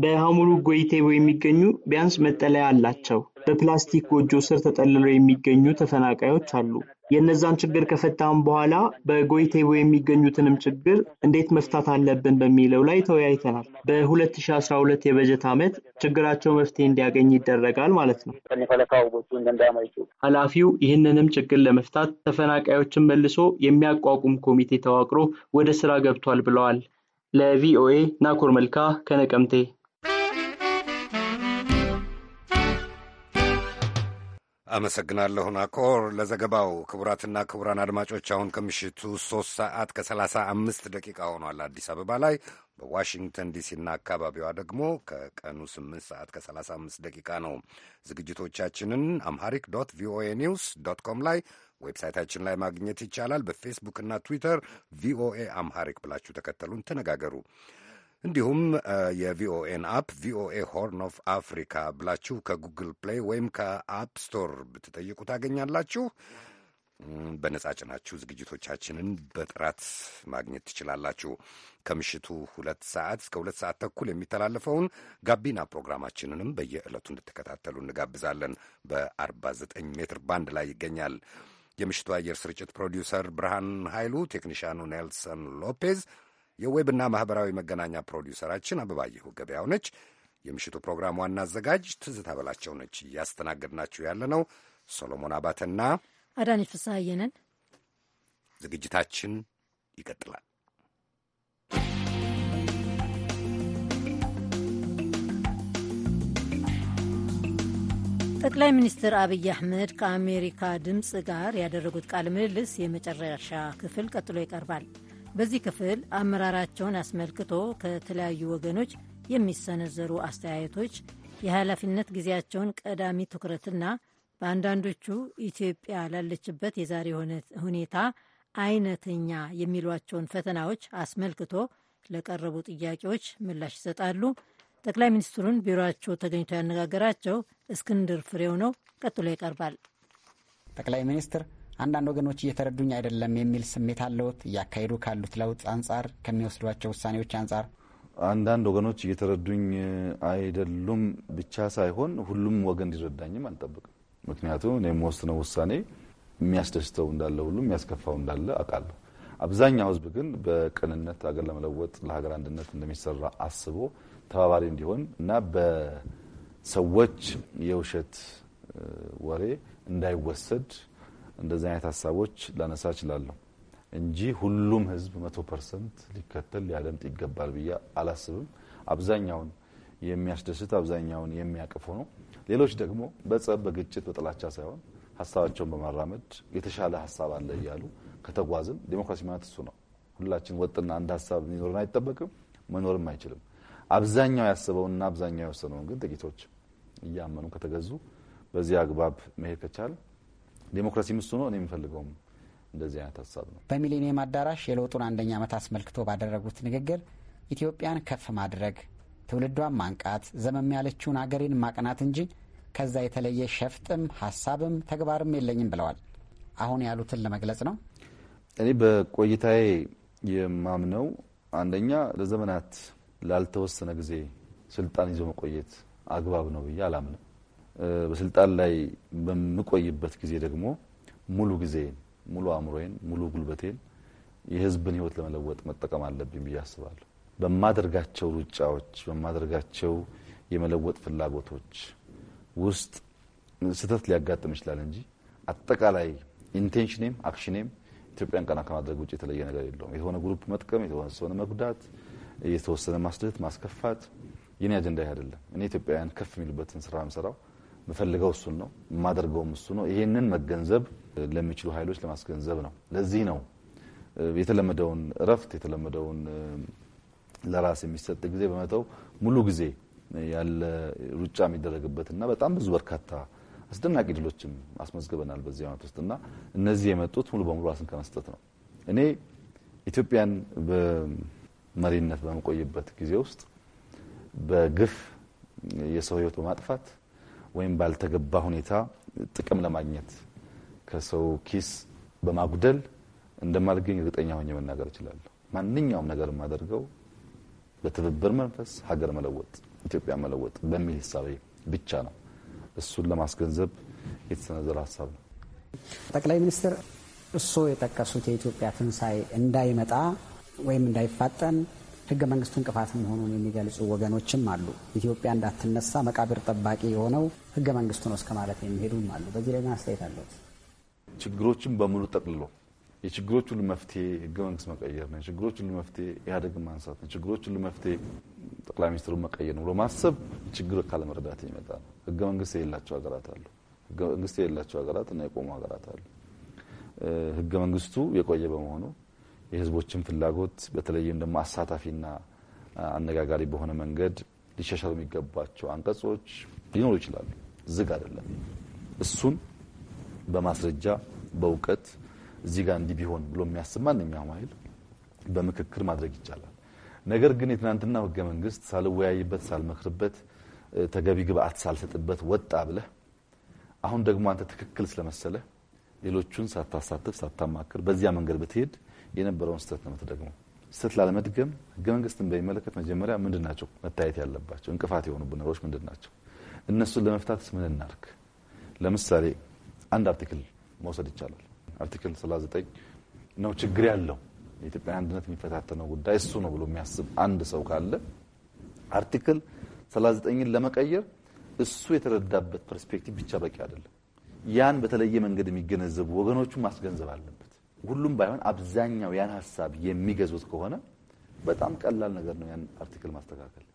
I: በሀሙሩ ጎይቴቦ የሚገኙ ቢያንስ መጠለያ አላቸው በፕላስቲክ ጎጆ ስር ተጠልለው የሚገኙ ተፈናቃዮች አሉ። የእነዛን ችግር ከፈታም በኋላ በጎይቴቦ የሚገኙትንም ችግር እንዴት መፍታት አለብን በሚለው ላይ ተወያይተናል። በ2012 የበጀት ዓመት ችግራቸው መፍትሄ እንዲያገኝ ይደረጋል ማለት ነው። ኃላፊው ይህንንም ችግር ለመፍታት ተፈናቃዮችን መልሶ የሚያቋቁም ኮሚቴ ተዋቅሮ ወደ ስራ ገብቷል ብለዋል። ለቪኦኤ ናኮር መልካ ከነቀምቴ
A: አመሰግናለሁ ናኮር ለዘገባው። ክቡራትና ክቡራን አድማጮች አሁን ከምሽቱ ሶስት ሰዓት ከሰላሳ አምስት ደቂቃ ሆኗል አዲስ አበባ ላይ። በዋሽንግተን ዲሲና አካባቢዋ ደግሞ ከቀኑ ስምንት ሰዓት ከሰላሳ አምስት ደቂቃ ነው። ዝግጅቶቻችንን አምሃሪክ ዶት ቪኦኤ ኒውስ ዶት ኮም ላይ ዌብሳይታችን ላይ ማግኘት ይቻላል። በፌስቡክና ትዊተር ቪኦኤ አምሃሪክ ብላችሁ ተከተሉን፣ ተነጋገሩ። እንዲሁም የቪኦኤን አፕ ቪኦኤ ሆርን ኦፍ አፍሪካ ብላችሁ ከጉግል ፕሌይ ወይም ከአፕ ስቶር ብትጠይቁ ታገኛላችሁ። በነጻ ጭናችሁ ዝግጅቶቻችንን በጥራት ማግኘት ትችላላችሁ። ከምሽቱ ሁለት ሰዓት እስከ ሁለት ሰዓት ተኩል የሚተላለፈውን ጋቢና ፕሮግራማችንንም በየዕለቱ እንድትከታተሉ እንጋብዛለን። በ49 ሜትር ባንድ ላይ ይገኛል። የምሽቱ አየር ስርጭት ፕሮዲውሰር ብርሃን ኃይሉ፣ ቴክኒሽያኑ ኔልሰን ሎፔዝ የዌብና ማኅበራዊ መገናኛ ፕሮዲውሰራችን አበባየሁ ገበያው ነች። የምሽቱ ፕሮግራም ዋና አዘጋጅ ትዝታ በላቸው ነች። እያስተናገድናችሁ ያለ ነው ሶሎሞን አባተና
B: አዳኒ ፍስሐዬ
A: ዝግጅታችን ይቀጥላል።
B: ጠቅላይ ሚኒስትር አብይ አህመድ ከአሜሪካ ድምፅ ጋር ያደረጉት ቃለ ምልልስ የመጨረሻ ክፍል ቀጥሎ ይቀርባል። በዚህ ክፍል አመራራቸውን አስመልክቶ ከተለያዩ ወገኖች የሚሰነዘሩ አስተያየቶች የኃላፊነት ጊዜያቸውን ቀዳሚ ትኩረትና በአንዳንዶቹ ኢትዮጵያ ላለችበት የዛሬ ሁኔታ አይነተኛ የሚሏቸውን ፈተናዎች አስመልክቶ ለቀረቡ ጥያቄዎች ምላሽ ይሰጣሉ። ጠቅላይ ሚኒስትሩን ቢሮቸው ተገኝቶ ያነጋገራቸው እስክንድር ፍሬው ነው። ቀጥሎ ይቀርባል።
F: ጠቅላይ ሚኒስትር አንዳንድ ወገኖች እየተረዱኝ አይደለም የሚል ስሜት አለውት እያካሄዱ ካሉት ለውጥ አንጻር፣ ከሚወስዷቸው ውሳኔዎች አንጻር
C: አንዳንድ ወገኖች እየተረዱኝ አይደሉም ብቻ ሳይሆን ሁሉም ወገን እንዲረዳኝም አንጠብቅም። ምክንያቱም እኔ የምወስነው ውሳኔ የሚያስደስተው እንዳለ ሁሉ የሚያስከፋው እንዳለ አውቃለሁ። አብዛኛው ሕዝብ ግን በቅንነት አገር ለመለወጥ ለሀገር አንድነት እንደሚሰራ አስቦ ተባባሪ እንዲሆን እና በሰዎች የውሸት ወሬ እንዳይወሰድ እንደዚህ አይነት ሀሳቦች ላነሳ እችላለሁ እንጂ ሁሉም ህዝብ መቶ ፐርሰንት ሊከተል ሊያደምጥ ይገባል ብዬ አላስብም። አብዛኛውን የሚያስደስት አብዛኛውን የሚያቅፍ ነው። ሌሎች ደግሞ በጸብ በግጭት በጥላቻ ሳይሆን ሀሳባቸውን በማራመድ የተሻለ ሀሳብ አለ እያሉ ከተጓዝን ዴሞክራሲ ማለት እሱ ነው። ሁላችን ወጥና አንድ ሀሳብ ሊኖርን አይጠበቅም፣ መኖርም አይችልም። አብዛኛው ያስበውና አብዛኛው የወሰነውን ግን ጥቂቶች እያመኑ ከተገዙ በዚህ አግባብ መሄድ ከቻል ዴሞክራሲ ምስ ነው። እኔ የምፈልገውም እንደዚህ አይነት ሀሳብ ነው።
F: በሚሌኒየም አዳራሽ የለውጡን አንደኛ ዓመት አስመልክቶ ባደረጉት ንግግር ኢትዮጵያን ከፍ ማድረግ፣ ትውልዷን ማንቃት፣ ዘመም ያለችውን አገሬን ማቅናት እንጂ ከዛ የተለየ ሸፍጥም ሀሳብም ተግባርም የለኝም ብለዋል። አሁን ያሉትን ለመግለጽ ነው።
C: እኔ በቆይታዬ የማምነው አንደኛ ለዘመናት ላልተወሰነ ጊዜ ስልጣን ይዞ መቆየት አግባብ ነው ብዬ አላምንም። በስልጣን ላይ በምቆይበት ጊዜ ደግሞ ሙሉ ጊዜን፣ ሙሉ አእምሮዬን፣ ሙሉ ጉልበቴን የህዝብን ህይወት ለመለወጥ መጠቀም አለብኝ ብዬ አስባለሁ። በማደርጋቸው ሩጫዎች፣ በማደርጋቸው የመለወጥ ፍላጎቶች ውስጥ ስህተት ሊያጋጥም ይችላል እንጂ አጠቃላይ ኢንቴንሽኔም አክሽኔም ኢትዮጵያን ቀና ከማድረግ ውጭ የተለየ ነገር የለውም። የሆነ ግሩፕ መጥቀም፣ የተወሰነ መጉዳት፣ የተወሰነ ማስደት፣ ማስከፋት የኔ አጀንዳ አይደለም። እኔ ኢትዮጵያውያን ከፍ የሚሉበትን ስራ ምሰራው የምፈልገው እሱን ነው፣ የማደርገውም እሱ ነው። ይሄንን መገንዘብ ለሚችሉ ኃይሎች ለማስገንዘብ ነው። ለዚህ ነው የተለመደውን እረፍት የተለመደውን ለራስ የሚሰጥ ጊዜ በመተው ሙሉ ጊዜ ያለ ሩጫ የሚደረግበትና በጣም ብዙ በርካታ አስደናቂ ድሎችም አስመዝግበናል በዚህ ዓመት ውስጥና እነዚህ የመጡት ሙሉ በሙሉ ራስን ከመስጠት ነው። እኔ ኢትዮጵያን በመሪነት በመቆይበት ጊዜ ውስጥ በግፍ የሰው ሕይወት በማጥፋት ወይም ባልተገባ ሁኔታ ጥቅም ለማግኘት ከሰው ኪስ በማጉደል እንደማልገኝ እርግጠኛ ሆኜ መናገር እችላለሁ። ማንኛውም ነገር የማደርገው በትብብር መንፈስ ሀገር መለወጥ፣ ኢትዮጵያ መለወጥ በሚል ሂሳቤ ብቻ ነው። እሱን ለማስገንዘብ የተሰነዘረ ሀሳብ ነው።
F: ጠቅላይ ሚኒስትር እርስዎ የጠቀሱት የኢትዮጵያ ትንሣኤ እንዳይመጣ ወይም እንዳይፋጠን ህገ መንግስቱ እንቅፋት መሆኑን የሚገልጹ ወገኖችም አሉ። ኢትዮጵያ እንዳትነሳ መቃብር ጠባቂ የሆነው ህገ መንግስቱ ነው እስከ ማለት የሚሄዱም አሉ። በዚህ ላይ ምን አስተያየት አለት?
C: ችግሮችን በሙሉ ጠቅልሎ የችግሮች ሁሉ መፍትሄ ህገ መንግስት መቀየር ነው፣ የችግሮች ሁሉ መፍትሄ ኢህአዴግን ማንሳት ነው፣ የችግሮች ሁሉ መፍትሄ ጠቅላይ ሚኒስትሩን መቀየር ነው ብሎ ማሰብ ችግር ካለመረዳት የሚመጣ ነው። ህገ መንግስት የሌላቸው ሀገራት አሉ። ህገ መንግስት የሌላቸው ሀገራት እና የቆሙ ሀገራት አሉ። ህገ መንግስቱ የቆየ በመሆኑ የህዝቦችን ፍላጎት በተለይም ደግሞ አሳታፊና አነጋጋሪ በሆነ መንገድ ሊሻሻሉ የሚገባቸው አንቀጾች ሊኖሩ ይችላሉ። ዝግ አይደለም። እሱን በማስረጃ በእውቀት እዚህ ጋር እንዲህ ቢሆን ብሎ የሚያስብ ማንኛውም ኃይል በምክክር ማድረግ ይቻላል። ነገር ግን የትናንትናው ህገ መንግስት ሳልወያይበት፣ ሳልመክርበት፣ ተገቢ ግብአት ሳልሰጥበት ወጣ ብለህ አሁን ደግሞ አንተ ትክክል ስለመሰለህ ሌሎቹን ሳታሳትፍ፣ ሳታማክር በዚያ መንገድ ብትሄድ የነበረውን ስህተት ነው የምትደግመው። ስህተት ላለመድገም ህገ መንግስትን በሚመለከት መጀመሪያ ምንድን ናቸው መታየት ያለባቸው እንቅፋት የሆኑ ነገሮች ምንድን ናቸው? እነሱን ለመፍታትስ ምን እናርግ? ለምሳሌ አንድ አርቲክል መውሰድ ይቻላል። አርቲክል 39 ነው ችግር ያለው የኢትዮጵያ አንድነት የሚፈታተነው ጉዳይ እሱ ነው ብሎ የሚያስብ አንድ ሰው ካለ አርቲክል 39ን ለመቀየር እሱ የተረዳበት ፐርስፔክቲቭ ብቻ በቂ አይደለም። ያን በተለየ መንገድ የሚገነዘቡ ወገኖቹ ማስገንዘብ አለ። ሁሉም ባይሆን አብዛኛው ያን ሀሳብ የሚገዙት ከሆነ በጣም ቀላል ነገር ነው ያን አርቲክል ማስተካከል።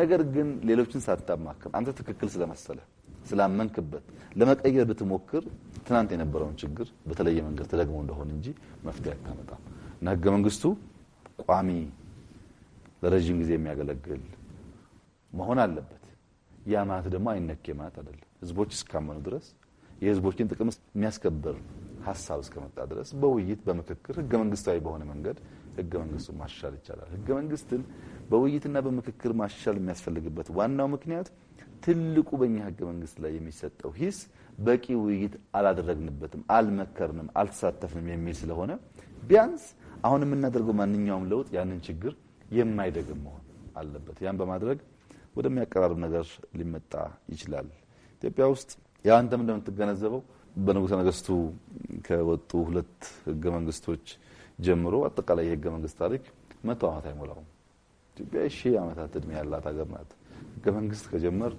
C: ነገር ግን ሌሎችን ሳታማከም አንተ ትክክል ስለመሰለ ስላመንክበት ለመቀየር ብትሞክር ትናንት የነበረውን ችግር በተለየ መንገድ ተደግሞ እንደሆነ እንጂ መፍትሄ አታመጣም እና ህገ መንግስቱ ቋሚ ለረዥም ጊዜ የሚያገለግል መሆን አለበት። ያ ማለት ደግሞ አይነኬ ማለት አይደለም። ህዝቦች እስካመኑ ድረስ የህዝቦችን ጥቅም የሚያስከብር ሀሳብ እስከመጣ ድረስ በውይይት በምክክር ህገ መንግስታዊ በሆነ መንገድ ህገ መንግስቱን ማሻል ይቻላል። ህገ መንግስትን በውይይትና በምክክር ማሻል የሚያስፈልግበት ዋናው ምክንያት ትልቁ በእኛ ህገ መንግስት ላይ የሚሰጠው ሂስ በቂ ውይይት አላደረግንበትም፣ አልመከርንም፣ አልተሳተፍንም የሚል ስለሆነ ቢያንስ አሁን የምናደርገው ማንኛውም ለውጥ ያንን ችግር የማይደግም መሆን አለበት። ያን በማድረግ ወደሚያቀራርብ ነገር ሊመጣ ይችላል። ኢትዮጵያ ውስጥ ያንተም እንደምትገነዘበው በንጉሰ ነገስቱ ከወጡ ሁለት ህገ መንግስቶች ጀምሮ አጠቃላይ የህገ መንግስት ታሪክ መቶ ዓመት አይሞላውም። ኢትዮጵያ ሺ ዓመታት እድሜ ያላት ሀገር ናት። ህገ መንግስት ከጀመር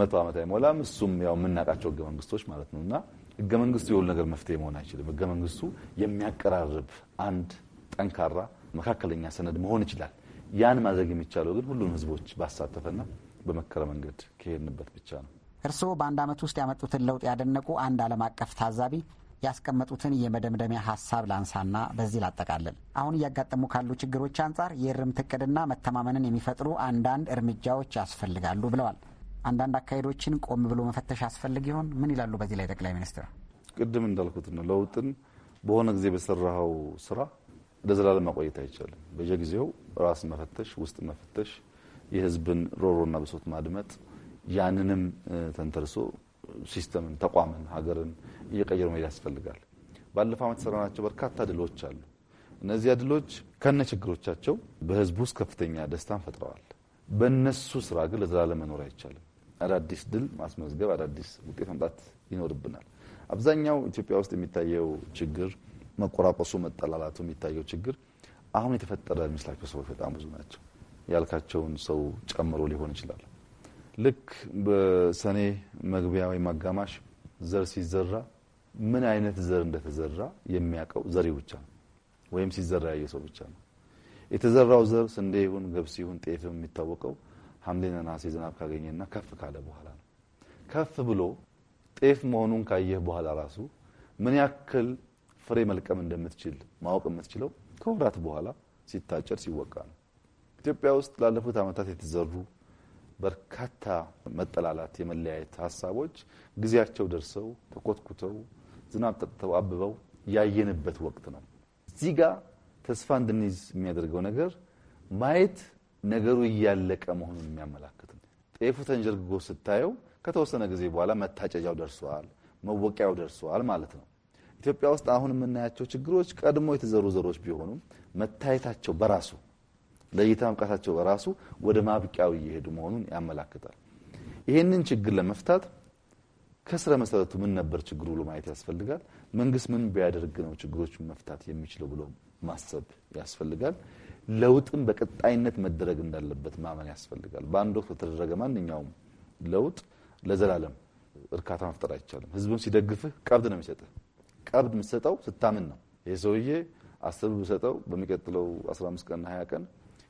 C: መቶ ዓመት አይሞላም። እሱም ያው የምናውቃቸው ህገ መንግስቶች ማለት ነው። እና ህገ መንግስቱ የሁሉ ነገር መፍትሄ መሆን አይችልም። ህገ መንግስቱ የሚያቀራርብ አንድ ጠንካራ መካከለኛ ሰነድ መሆን ይችላል። ያን ማድረግ የሚቻለው ግን ሁሉም ህዝቦች ባሳተፈና በመከረ መንገድ ከሄድንበት ብቻ ነው።
F: እርስዎ በአንድ ዓመት ውስጥ ያመጡትን ለውጥ ያደነቁ አንድ ዓለም አቀፍ ታዛቢ ያስቀመጡትን የመደምደሚያ ሀሳብ ላንሳና በዚህ ላጠቃልል። አሁን እያጋጠሙ ካሉ ችግሮች አንጻር የእርምት እቅድና መተማመንን የሚፈጥሩ አንዳንድ እርምጃዎች ያስፈልጋሉ ብለዋል። አንዳንድ አካሄዶችን ቆም ብሎ መፈተሽ ያስፈልግ ይሆን? ምን ይላሉ በዚህ ላይ ጠቅላይ ሚኒስትር?
C: ቅድም እንዳልኩት ነው። ለውጥን በሆነ ጊዜ በሰራኸው ስራ ለዘላለም ማቆየት አይቻልም። በየጊዜው ራስ መፈተሽ፣ ውስጥ መፈተሽ፣ የህዝብን ሮሮና ብሶት ማድመጥ ያንንም ተንተርሶ ሲስተምን፣ ተቋምን፣ ሀገርን እየቀየሩ መሄድ ያስፈልጋል። ባለፈው ዓመት የሰራናቸው በርካታ ድሎች አሉ። እነዚያ ድሎች ከነ ችግሮቻቸው በህዝቡ ውስጥ ከፍተኛ ደስታን ፈጥረዋል። በእነሱ ስራ ግን ለዘላለም መኖር አይቻልም። አዳዲስ ድል ማስመዝገብ፣ አዳዲስ ውጤት መምጣት ይኖርብናል። አብዛኛው ኢትዮጵያ ውስጥ የሚታየው ችግር መቆራቆሱ፣ መጠላላቱ የሚታየው ችግር አሁን የተፈጠረ የሚመስላቸው ሰዎች በጣም ብዙ ናቸው። ያልካቸውን ሰው ጨምሮ ሊሆን ይችላል። ልክ በሰኔ መግቢያ ወይም አጋማሽ ዘር ሲዘራ ምን አይነት ዘር እንደተዘራ የሚያውቀው ዘሪው ብቻ ነው፣ ወይም ሲዘራ ያየ ሰው ብቻ ነው። የተዘራው ዘር ስንዴ ይሁን ገብስ ይሁን ጤፍ የሚታወቀው ሐምሌና ነሐሴ ዝናብ ካገኘና ከፍ ካለ በኋላ ነው። ከፍ ብሎ ጤፍ መሆኑን ካየህ በኋላ ራሱ ምን ያክል ፍሬ መልቀም እንደምትችል ማወቅ የምትችለው ከወራት በኋላ ሲታጨድ ሲወቃ ነው። ኢትዮጵያ ውስጥ ላለፉት ዓመታት የተዘሩ በርካታ መጠላላት፣ የመለያየት ሀሳቦች ጊዜያቸው ደርሰው ተኮትኩተው ዝናብ ጠጥተው አብበው ያየንበት ወቅት ነው። እዚህ ጋር ተስፋ እንድንይዝ የሚያደርገው ነገር ማየት ነገሩ እያለቀ መሆኑን የሚያመላክት ነው። ጤፉ ተንጀርግጎ ስታየው ከተወሰነ ጊዜ በኋላ መታጨጃው ደርሰዋል፣ መወቂያው ደርሰዋል ማለት ነው። ኢትዮጵያ ውስጥ አሁን የምናያቸው ችግሮች ቀድሞ የተዘሩ ዘሮች ቢሆኑም መታየታቸው በራሱ ለእይታ መብቃታቸው በራሱ ወደ ማብቂያው እየሄዱ መሆኑን ያመላክታል። ይህንን ችግር ለመፍታት ከስረ መሰረቱ ምን ነበር ችግሩ ብሎ ማየት ያስፈልጋል። መንግስት ምን ቢያደርግ ነው ችግሮችን መፍታት የሚችለው ብሎ ማሰብ ያስፈልጋል። ለውጥም በቀጣይነት መደረግ እንዳለበት ማመን ያስፈልጋል። በአንድ ወቅት በተደረገ ማንኛውም ለውጥ ለዘላለም እርካታ መፍጠር አይቻልም። ህዝቡን ሲደግፍህ ቀብድ ነው የሚሰጥህ። ቀብድ የምትሰጠው ስታምን ነው። ይህ ሰውዬ አስብ ብሰጠው በሚቀጥለው 15 ቀን 20 ቀን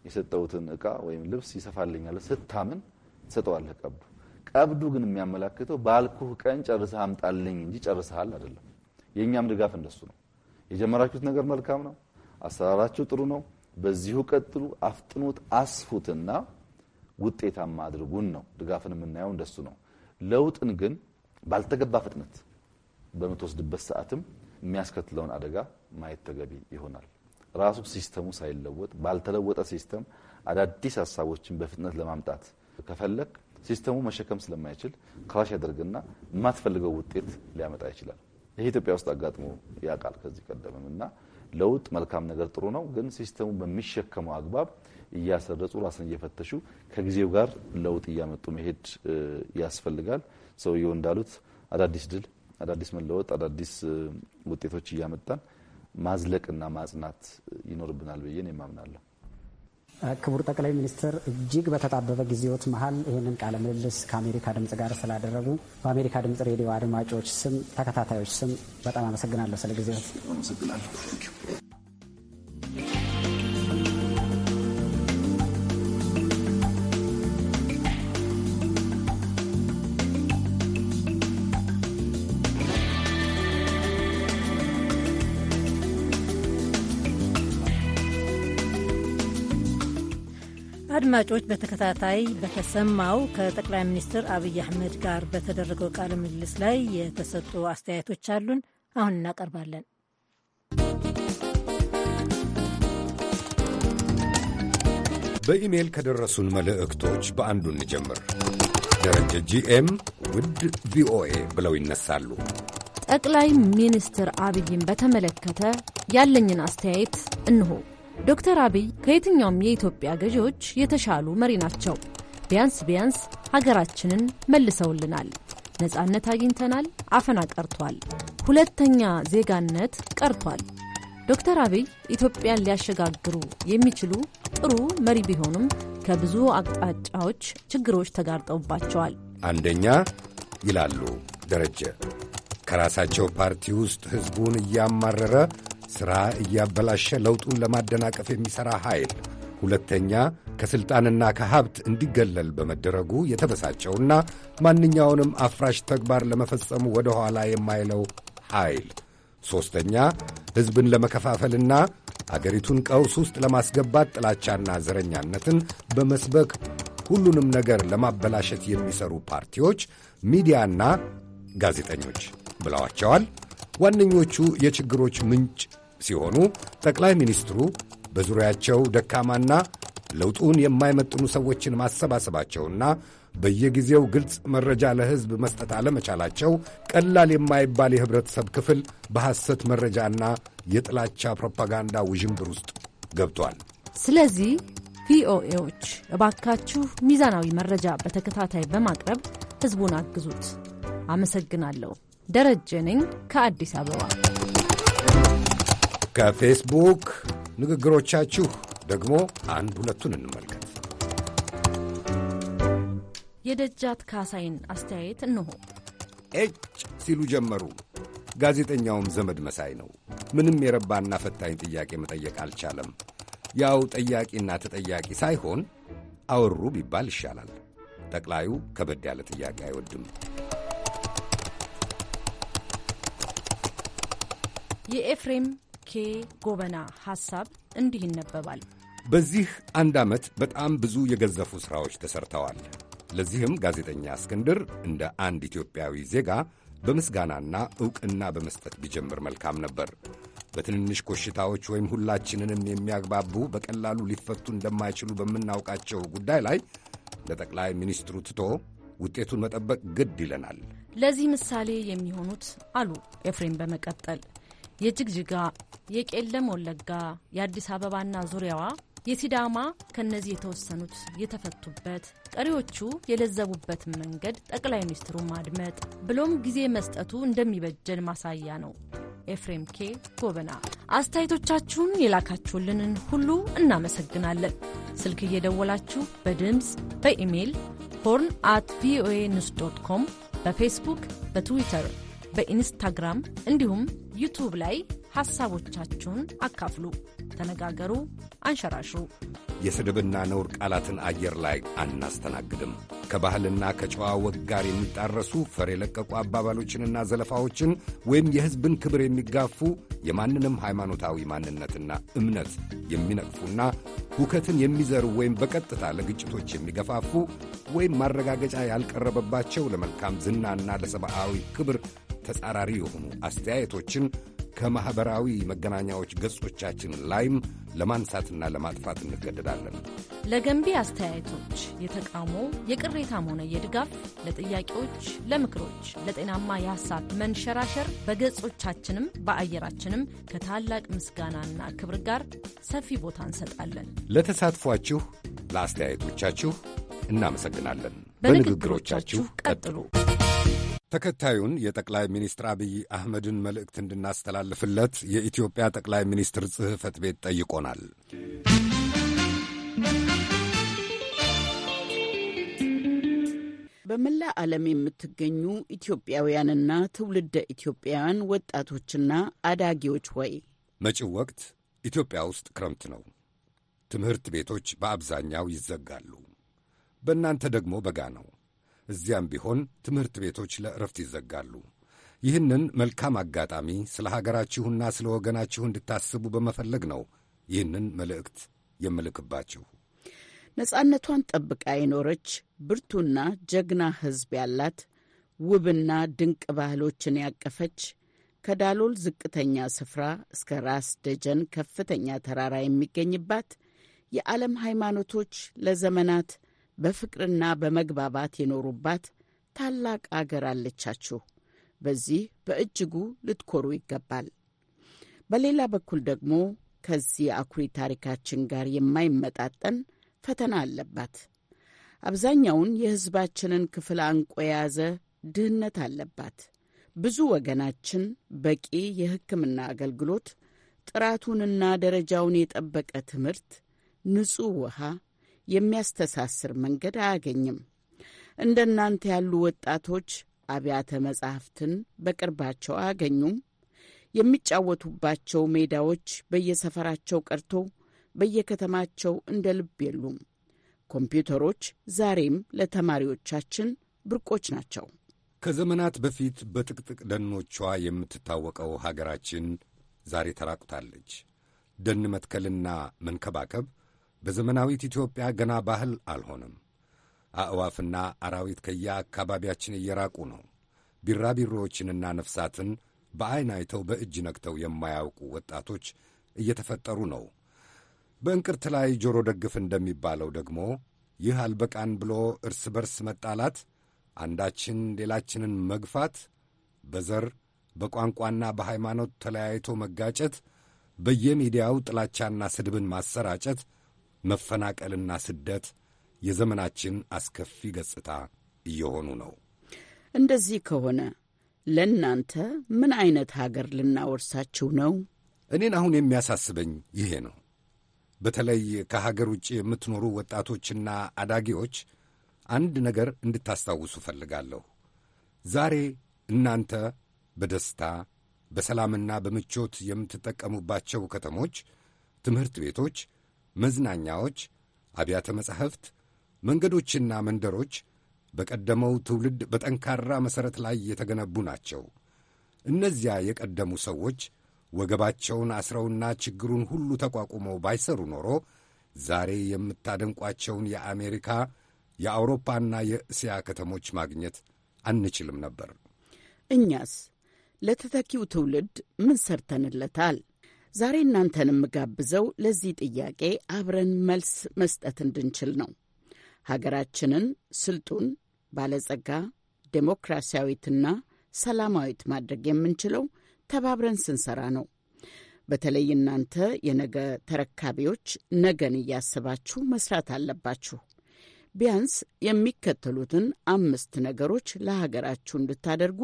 C: የሰጠውትን እቃ ወይም ልብስ ይሰፋልኛል ስታምን ትሰጠዋለህ። ቀብዱ ቀብዱ ግን የሚያመላክተው ባልኩህ ቀን ጨርሰህ አምጣልኝ እንጂ ጨርሰሃል አይደለም። የእኛም ድጋፍ እንደሱ ነው። የጀመራችሁት ነገር መልካም ነው፣ አሰራራችሁ ጥሩ ነው። በዚሁ ቀጥሉ፣ አፍጥኑት፣ አስፉትና ውጤታማ አድርጉን ነው። ድጋፍን የምናየው እንደሱ ነው። ለውጥን ግን ባልተገባ ፍጥነት በምትወስድበት ሰዓትም የሚያስከትለውን አደጋ ማየት ተገቢ ይሆናል። ራሱ ሲስተሙ ሳይለወጥ ባልተለወጠ ሲስተም አዳዲስ ሀሳቦችን በፍጥነት ለማምጣት ከፈለግ ሲስተሙ መሸከም ስለማይችል ክራሽ ያደርግና የማትፈልገው ውጤት ሊያመጣ ይችላል። ይህ ኢትዮጵያ ውስጥ አጋጥሞ ያውቃል ከዚህ ቀደምም እና ለውጥ መልካም ነገር ጥሩ ነው፣ ግን ሲስተሙ በሚሸከመው አግባብ እያሰረጹ ራስን እየፈተሹ ከጊዜው ጋር ለውጥ እያመጡ መሄድ ያስፈልጋል። ሰውየው እንዳሉት አዳዲስ ድል፣ አዳዲስ መለወጥ፣ አዳዲስ ውጤቶች እያመጣን ማዝለቅና ማጽናት ይኖርብናል ብዬ ነው የማምናለሁ።
F: ክቡር ጠቅላይ ሚኒስትር እጅግ በተጣበበ ጊዜዎት መሀል ይህንን ቃለ ምልልስ ከአሜሪካ ድምፅ ጋር ስላደረጉ በአሜሪካ ድምፅ ሬዲዮ አድማጮች ስም፣ ተከታታዮች ስም በጣም አመሰግናለሁ ስለ ጊዜዎት።
B: አድማጮች በተከታታይ በተሰማው ከጠቅላይ ሚኒስትር አብይ አህመድ ጋር በተደረገው ቃለ ምልልስ ላይ የተሰጡ አስተያየቶች አሉን። አሁን እናቀርባለን።
A: በኢሜይል ከደረሱን መልእክቶች በአንዱ እንጀምር። ደረጀ ጂኤም ውድ ቪኦኤ ብለው ይነሳሉ።
L: ጠቅላይ ሚኒስትር አብይን በተመለከተ ያለኝን አስተያየት እንሆ ዶክተር አብይ ከየትኛውም የኢትዮጵያ ገዢዎች የተሻሉ መሪ ናቸው። ቢያንስ ቢያንስ ሀገራችንን መልሰውልናል። ነጻነት አግኝተናል። አፈና ቀርቷል። ሁለተኛ ዜጋነት ቀርቷል። ዶክተር አብይ ኢትዮጵያን ሊያሸጋግሩ የሚችሉ ጥሩ መሪ ቢሆኑም ከብዙ አቅጣጫዎች ችግሮች ተጋርጠውባቸዋል።
A: አንደኛ ይላሉ ደረጀ ከራሳቸው ፓርቲ ውስጥ ሕዝቡን እያማረረ ሥራ እያበላሸ ለውጡን ለማደናቀፍ የሚሠራ ኃይል፣ ሁለተኛ ከሥልጣንና ከሀብት እንዲገለል በመደረጉ የተበሳጨውና ማንኛውንም አፍራሽ ተግባር ለመፈጸሙ ወደ ኋላ የማይለው ኃይል፣ ሦስተኛ ሕዝብን ለመከፋፈልና አገሪቱን ቀውስ ውስጥ ለማስገባት ጥላቻና ዘረኛነትን በመስበክ ሁሉንም ነገር ለማበላሸት የሚሰሩ ፓርቲዎች፣ ሚዲያና ጋዜጠኞች ብለዋቸዋል። ዋነኞቹ የችግሮች ምንጭ ሲሆኑ ጠቅላይ ሚኒስትሩ በዙሪያቸው ደካማና ለውጡን የማይመጥኑ ሰዎችን ማሰባሰባቸውና በየጊዜው ግልጽ መረጃ ለሕዝብ መስጠት አለመቻላቸው ቀላል የማይባል የኅብረተሰብ ክፍል በሐሰት መረጃና የጥላቻ ፕሮፓጋንዳ ውዥንብር ውስጥ ገብቷል።
L: ስለዚህ ቪኦኤዎች እባካችሁ ሚዛናዊ መረጃ በተከታታይ በማቅረብ ሕዝቡን አግዙት። አመሰግናለሁ። ደረጀ ነኝ ከአዲስ አበባ
A: ከፌስቡክ ንግግሮቻችሁ ደግሞ አንድ ሁለቱን እንመልከት።
L: የደጃት ካሳይን አስተያየት እንሆ።
A: ኤጭ ሲሉ ጀመሩ። ጋዜጠኛውም ዘመድ መሳይ ነው። ምንም የረባና ፈታኝ ጥያቄ መጠየቅ አልቻለም። ያው ጠያቂና ተጠያቂ ሳይሆን አወሩ ቢባል ይሻላል። ጠቅላዩ ከበድ ያለ ጥያቄ አይወድም።
L: የኤፍሬም ኬ ጎበና ሐሳብ እንዲህ ይነበባል።
A: በዚህ አንድ ዓመት በጣም ብዙ የገዘፉ ሥራዎች ተሠርተዋል። ለዚህም ጋዜጠኛ እስክንድር እንደ አንድ ኢትዮጵያዊ ዜጋ በምስጋናና ዕውቅና በመስጠት ቢጀምር መልካም ነበር። በትንንሽ ኮሽታዎች ወይም ሁላችንንም የሚያግባቡ በቀላሉ ሊፈቱ እንደማይችሉ በምናውቃቸው ጉዳይ ላይ ለጠቅላይ ሚኒስትሩ ትቶ ውጤቱን መጠበቅ ግድ ይለናል።
L: ለዚህ ምሳሌ የሚሆኑት አሉ ኤፍሬም በመቀጠል የጅግጅጋ፣ የቄለም ወለጋ፣ የአዲስ አበባና ዙሪያዋ የሲዳማ ከነዚህ የተወሰኑት የተፈቱበት ቀሪዎቹ የለዘቡበትን መንገድ ጠቅላይ ሚኒስትሩ ማድመጥ ብሎም ጊዜ መስጠቱ እንደሚበጀን ማሳያ ነው። ኤፍሬም ኬ ጎበና። አስተያየቶቻችሁን የላካችሁልንን ሁሉ እናመሰግናለን። ስልክ እየደወላችሁ በድምፅ በኢሜይል ሆርን አት ቪኦኤ ኒውስ ዶት ኮም በፌስቡክ በትዊተር በኢንስታግራም እንዲሁም ዩቱብ ላይ ሀሳቦቻችሁን አካፍሉ። ተነጋገሩ፣ አንሸራሽሩ።
A: የስድብና ነውር ቃላትን አየር ላይ አናስተናግድም። ከባህልና ከጨዋ ወግ ጋር የሚጣረሱ ፈር የለቀቁ አባባሎችንና ዘለፋዎችን ወይም የሕዝብን ክብር የሚጋፉ የማንንም ሃይማኖታዊ ማንነትና እምነት የሚነቅፉና ሁከትን የሚዘሩ ወይም በቀጥታ ለግጭቶች የሚገፋፉ ወይም ማረጋገጫ ያልቀረበባቸው ለመልካም ዝናና ለሰብአዊ ክብር ተጻራሪ የሆኑ አስተያየቶችን ከማኅበራዊ መገናኛዎች ገጾቻችን ላይም ለማንሳትና ለማጥፋት እንገደዳለን።
L: ለገንቢ አስተያየቶች፣ የተቃውሞ የቅሬታም ሆነ የድጋፍ ለጥያቄዎች፣ ለምክሮች፣ ለጤናማ የሐሳብ መንሸራሸር በገጾቻችንም በአየራችንም ከታላቅ ምስጋናና ክብር ጋር ሰፊ ቦታ እንሰጣለን።
A: ለተሳትፏችሁ፣ ለአስተያየቶቻችሁ እናመሰግናለን። በንግግሮቻችሁ ቀጥሉ። ተከታዩን የጠቅላይ ሚኒስትር አብይ አህመድን መልእክት እንድናስተላልፍለት የኢትዮጵያ ጠቅላይ ሚኒስትር ጽህፈት ቤት ጠይቆናል።
D: በመላ ዓለም የምትገኙ ኢትዮጵያውያንና ትውልደ ኢትዮጵያውያን ወጣቶችና አዳጊዎች ወይ
A: መጪው ወቅት ኢትዮጵያ ውስጥ ክረምት ነው። ትምህርት ቤቶች በአብዛኛው ይዘጋሉ። በእናንተ ደግሞ በጋ ነው። እዚያም ቢሆን ትምህርት ቤቶች ለእረፍት ይዘጋሉ። ይህንን መልካም አጋጣሚ ስለ ሀገራችሁና ስለ ወገናችሁ እንድታስቡ በመፈለግ ነው ይህንን መልእክት የምልክባችሁ።
D: ነጻነቷን ጠብቃ የኖረች ብርቱና ጀግና ሕዝብ ያላት ውብና ድንቅ ባህሎችን ያቀፈች ከዳሎል ዝቅተኛ ስፍራ እስከ ራስ ደጀን ከፍተኛ ተራራ የሚገኝባት የዓለም ሃይማኖቶች ለዘመናት በፍቅርና በመግባባት የኖሩባት ታላቅ አገር አለቻችሁ። በዚህ በእጅጉ ልትኮሩ ይገባል። በሌላ በኩል ደግሞ ከዚህ አኩሪ ታሪካችን ጋር የማይመጣጠን ፈተና አለባት። አብዛኛውን የሕዝባችንን ክፍል አንቆ የያዘ ድህነት አለባት። ብዙ ወገናችን በቂ የሕክምና አገልግሎት፣ ጥራቱንና ደረጃውን የጠበቀ ትምህርት፣ ንጹሕ ውሃ፣ የሚያስተሳስር መንገድ አያገኝም። እንደ እናንተ ያሉ ወጣቶች አብያተ መጻሕፍትን በቅርባቸው አያገኙም። የሚጫወቱባቸው ሜዳዎች በየሰፈራቸው ቀርቶ በየከተማቸው እንደ ልብ የሉም። ኮምፒውተሮች ዛሬም ለተማሪዎቻችን ብርቆች ናቸው። ከዘመናት በፊት
A: በጥቅጥቅ ደኖቿ የምትታወቀው ሀገራችን ዛሬ ተራቁታለች። ደን መትከልና መንከባከብ በዘመናዊት ኢትዮጵያ ገና ባህል አልሆነም። አእዋፍና አራዊት ከየአካባቢያችን እየራቁ ነው። ቢራቢሮዎችንና ነፍሳትን በዐይን አይተው በእጅ ነክተው የማያውቁ ወጣቶች እየተፈጠሩ ነው። በእንቅርት ላይ ጆሮ ደግፍ እንደሚባለው ደግሞ ይህ አልበቃን ብሎ እርስ በርስ መጣላት፣ አንዳችን ሌላችንን መግፋት፣ በዘር በቋንቋና በሃይማኖት ተለያይቶ መጋጨት፣ በየሚዲያው ጥላቻና ስድብን ማሰራጨት መፈናቀልና ስደት የዘመናችን አስከፊ ገጽታ እየሆኑ ነው።
D: እንደዚህ ከሆነ ለእናንተ ምን አይነት ሀገር ልናወርሳችሁ ነው? እኔን አሁን የሚያሳስበኝ
A: ይሄ ነው። በተለይ ከሀገር ውጭ የምትኖሩ ወጣቶችና አዳጊዎች አንድ ነገር እንድታስታውሱ ፈልጋለሁ። ዛሬ እናንተ በደስታ በሰላምና በምቾት የምትጠቀሙባቸው ከተሞች፣ ትምህርት ቤቶች መዝናኛዎች፣ አብያተ መጻሕፍት፣ መንገዶችና መንደሮች በቀደመው ትውልድ በጠንካራ መሠረት ላይ የተገነቡ ናቸው። እነዚያ የቀደሙ ሰዎች ወገባቸውን አስረውና ችግሩን ሁሉ ተቋቁመው ባይሰሩ ኖሮ ዛሬ የምታደንቋቸውን የአሜሪካ የአውሮፓና የእስያ ከተሞች ማግኘት አንችልም ነበር።
D: እኛስ ለተተኪው ትውልድ ምን ሰርተንለታል? ዛሬ እናንተን የምጋብዘው ለዚህ ጥያቄ አብረን መልስ መስጠት እንድንችል ነው። ሀገራችንን ስልጡን፣ ባለጸጋ፣ ዴሞክራሲያዊትና ሰላማዊት ማድረግ የምንችለው ተባብረን ስንሰራ ነው። በተለይ እናንተ የነገ ተረካቢዎች ነገን እያስባችሁ መስራት አለባችሁ። ቢያንስ የሚከተሉትን አምስት ነገሮች ለሀገራችሁ እንድታደርጉ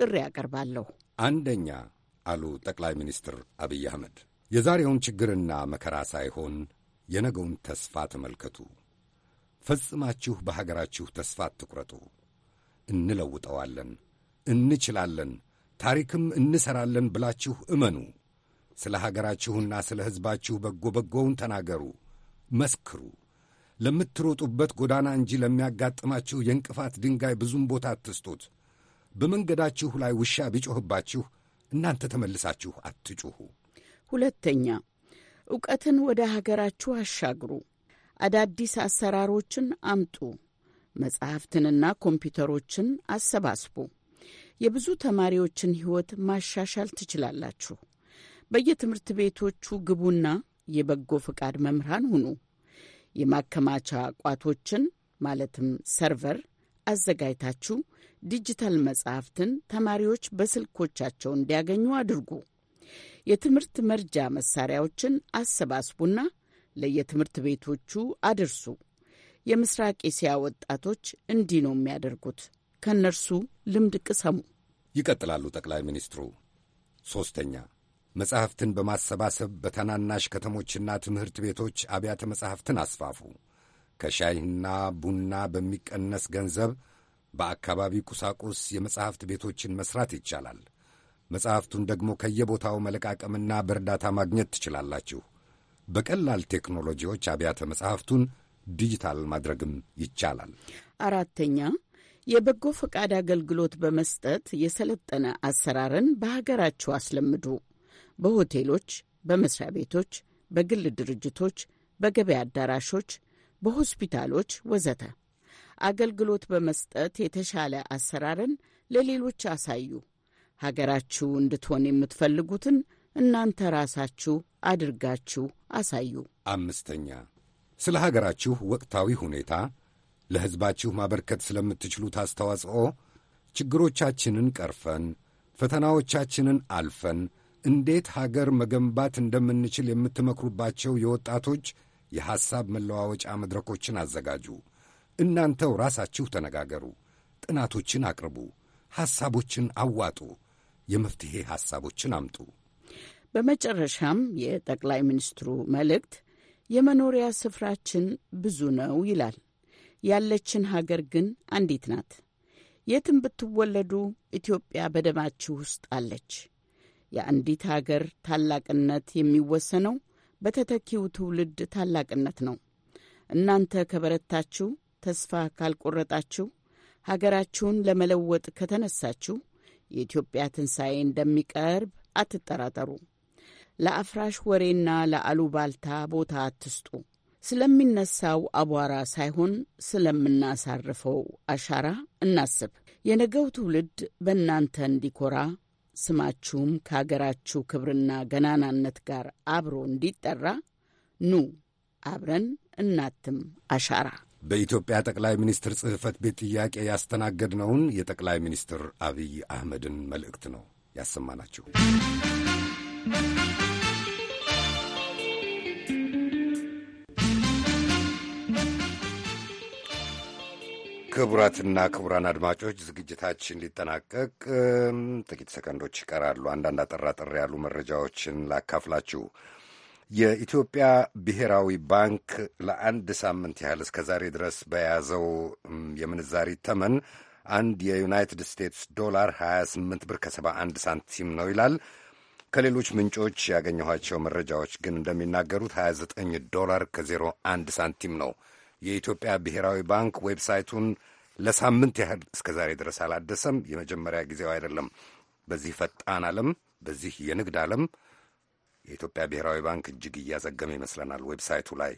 D: ጥሪ ያቀርባለሁ።
A: አንደኛ አሉ ጠቅላይ ሚኒስትር አብይ አህመድ። የዛሬውን ችግርና መከራ ሳይሆን የነገውን ተስፋ ተመልከቱ። ፈጽማችሁ በሀገራችሁ ተስፋ አትቁረጡ። እንለውጠዋለን፣ እንችላለን፣ ታሪክም እንሠራለን ብላችሁ እመኑ። ስለ ሀገራችሁና ስለ ሕዝባችሁ በጎ በጎውን ተናገሩ፣ መስክሩ። ለምትሮጡበት ጎዳና እንጂ ለሚያጋጥማችሁ የእንቅፋት ድንጋይ ብዙም ቦታ አትስጡት። በመንገዳችሁ ላይ
D: ውሻ ቢጮኽባችሁ እናንተ ተመልሳችሁ አትጩሁ። ሁለተኛ እውቀትን ወደ ሀገራችሁ አሻግሩ። አዳዲስ አሰራሮችን አምጡ። መጻሕፍትንና ኮምፒውተሮችን አሰባስቡ። የብዙ ተማሪዎችን ሕይወት ማሻሻል ትችላላችሁ። በየትምህርት ቤቶቹ ግቡና የበጎ ፈቃድ መምህራን ሁኑ። የማከማቻ ቋቶችን ማለትም ሰርቨር አዘጋጅታችሁ ዲጂታል መጽሐፍትን ተማሪዎች በስልኮቻቸው እንዲያገኙ አድርጉ። የትምህርት መርጃ መሳሪያዎችን አሰባስቡና ለየትምህርት ቤቶቹ አድርሱ። የምስራቅ እስያ ወጣቶች እንዲህ ነው የሚያደርጉት። ከእነርሱ ልምድ ቅሰሙ።
A: ይቀጥላሉ ጠቅላይ ሚኒስትሩ። ሦስተኛ መጽሐፍትን በማሰባሰብ በታናናሽ ከተሞችና ትምህርት ቤቶች አብያተ መጽሐፍትን አስፋፉ። ከሻይና ቡና በሚቀነስ ገንዘብ በአካባቢ ቁሳቁስ የመጽሕፍት ቤቶችን መስራት ይቻላል። መጽሕፍቱን ደግሞ ከየቦታው መለቃቀምና በእርዳታ ማግኘት ትችላላችሁ። በቀላል ቴክኖሎጂዎች አብያተ መጽሕፍቱን ዲጂታል ማድረግም ይቻላል።
D: አራተኛ የበጎ ፈቃድ አገልግሎት በመስጠት የሰለጠነ አሰራርን በሀገራችሁ አስለምዱ። በሆቴሎች፣ በመስሪያ ቤቶች፣ በግል ድርጅቶች፣ በገበያ አዳራሾች፣ በሆስፒታሎች ወዘተ አገልግሎት በመስጠት የተሻለ አሰራርን ለሌሎች አሳዩ። ሀገራችሁ እንድትሆን የምትፈልጉትን እናንተ ራሳችሁ አድርጋችሁ አሳዩ።
A: አምስተኛ ስለ ሀገራችሁ ወቅታዊ ሁኔታ፣ ለሕዝባችሁ ማበርከት ስለምትችሉት አስተዋጽኦ፣ ችግሮቻችንን ቀርፈን ፈተናዎቻችንን አልፈን እንዴት ሀገር መገንባት እንደምንችል የምትመክሩባቸው የወጣቶች የሐሳብ መለዋወጫ መድረኮችን አዘጋጁ። እናንተው ራሳችሁ ተነጋገሩ፣ ጥናቶችን አቅርቡ፣ ሐሳቦችን አዋጡ፣ የመፍትሔ ሐሳቦችን አምጡ።
D: በመጨረሻም የጠቅላይ ሚኒስትሩ መልእክት የመኖሪያ ስፍራችን ብዙ ነው ይላል። ያለችን ሀገር ግን አንዲት ናት። የትም ብትወለዱ ኢትዮጵያ በደማችሁ ውስጥ አለች። የአንዲት ሀገር ታላቅነት የሚወሰነው በተተኪው ትውልድ ታላቅነት ነው። እናንተ ከበረታችሁ ተስፋ ካልቆረጣችሁ፣ ሀገራችሁን ለመለወጥ ከተነሳችሁ የኢትዮጵያ ትንሣኤ እንደሚቀርብ አትጠራጠሩ። ለአፍራሽ ወሬና ለአሉባልታ ቦታ አትስጡ። ስለሚነሳው አቧራ ሳይሆን ስለምናሳርፈው አሻራ እናስብ። የነገው ትውልድ በእናንተ እንዲኮራ ስማችሁም ከሀገራችሁ ክብርና ገናናነት ጋር አብሮ እንዲጠራ ኑ አብረን እናትም
A: አሻራ በኢትዮጵያ ጠቅላይ ሚኒስትር ጽሕፈት ቤት ጥያቄ ያስተናገድነውን የጠቅላይ ሚኒስትር አብይ አህመድን መልእክት ነው ያሰማናችሁ። ክቡራትና ክቡራን አድማጮች ዝግጅታችን ሊጠናቀቅ ጥቂት ሰከንዶች ይቀራሉ። አንዳንድ አጠራጠር ያሉ መረጃዎችን ላካፍላችሁ። የኢትዮጵያ ብሔራዊ ባንክ ለአንድ ሳምንት ያህል እስከ ዛሬ ድረስ በያዘው የምንዛሪ ተመን አንድ የዩናይትድ ስቴትስ ዶላር 28 ብር ከ71 ሳንቲም ነው ይላል። ከሌሎች ምንጮች ያገኘኋቸው መረጃዎች ግን እንደሚናገሩት 29 ዶላር ከ01 ሳንቲም ነው። የኢትዮጵያ ብሔራዊ ባንክ ዌብሳይቱን ለሳምንት ያህል እስከ ዛሬ ድረስ አላደሰም። የመጀመሪያ ጊዜው አይደለም። በዚህ ፈጣን ዓለም፣ በዚህ የንግድ ዓለም የኢትዮጵያ ብሔራዊ ባንክ እጅግ እያዘገመ ይመስለናል ዌብሳይቱ ላይ።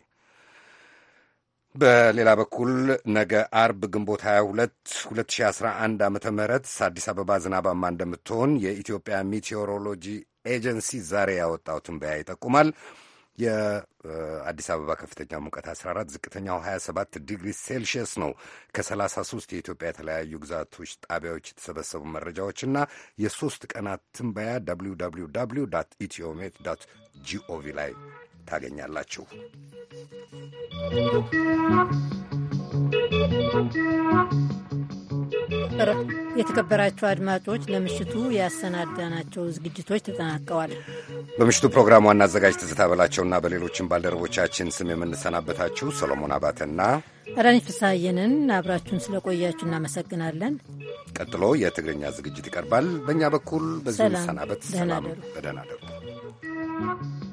A: በሌላ በኩል ነገ አርብ ግንቦት 22 2011 ዓ ም አዲስ አበባ ዝናባማ እንደምትሆን የኢትዮጵያ ሚቴዎሮሎጂ ኤጀንሲ ዛሬ ያወጣው ትንበያ ይጠቁማል። የአዲስ አበባ ከፍተኛ ሙቀት 14፣ ዝቅተኛው 27 ዲግሪ ሴልሺየስ ነው። ከ33 የኢትዮጵያ የተለያዩ ግዛቶች ጣቢያዎች የተሰበሰቡ መረጃዎችና የሶስት ቀናት ትንበያ www ኢትዮሜት ጂኦቪ ላይ ታገኛላችሁ።
B: Thank you. የተከበራችሁ አድማጮች ለምሽቱ ያሰናዳናቸው ዝግጅቶች ተጠናቀዋል።
A: በምሽቱ ፕሮግራም ዋና አዘጋጅ ትዝታ በላቸውና በሌሎችም ባልደረቦቻችን ስም የምንሰናበታችሁ ሰሎሞን አባተና
B: አዳነች ፍስሐየንን አብራችሁን ስለቆያችሁ እናመሰግናለን።
A: ቀጥሎ የትግርኛ ዝግጅት ይቀርባል። በእኛ በኩል በዚሁ ሰናበት። ሰላም፣ በደህና ደሩ።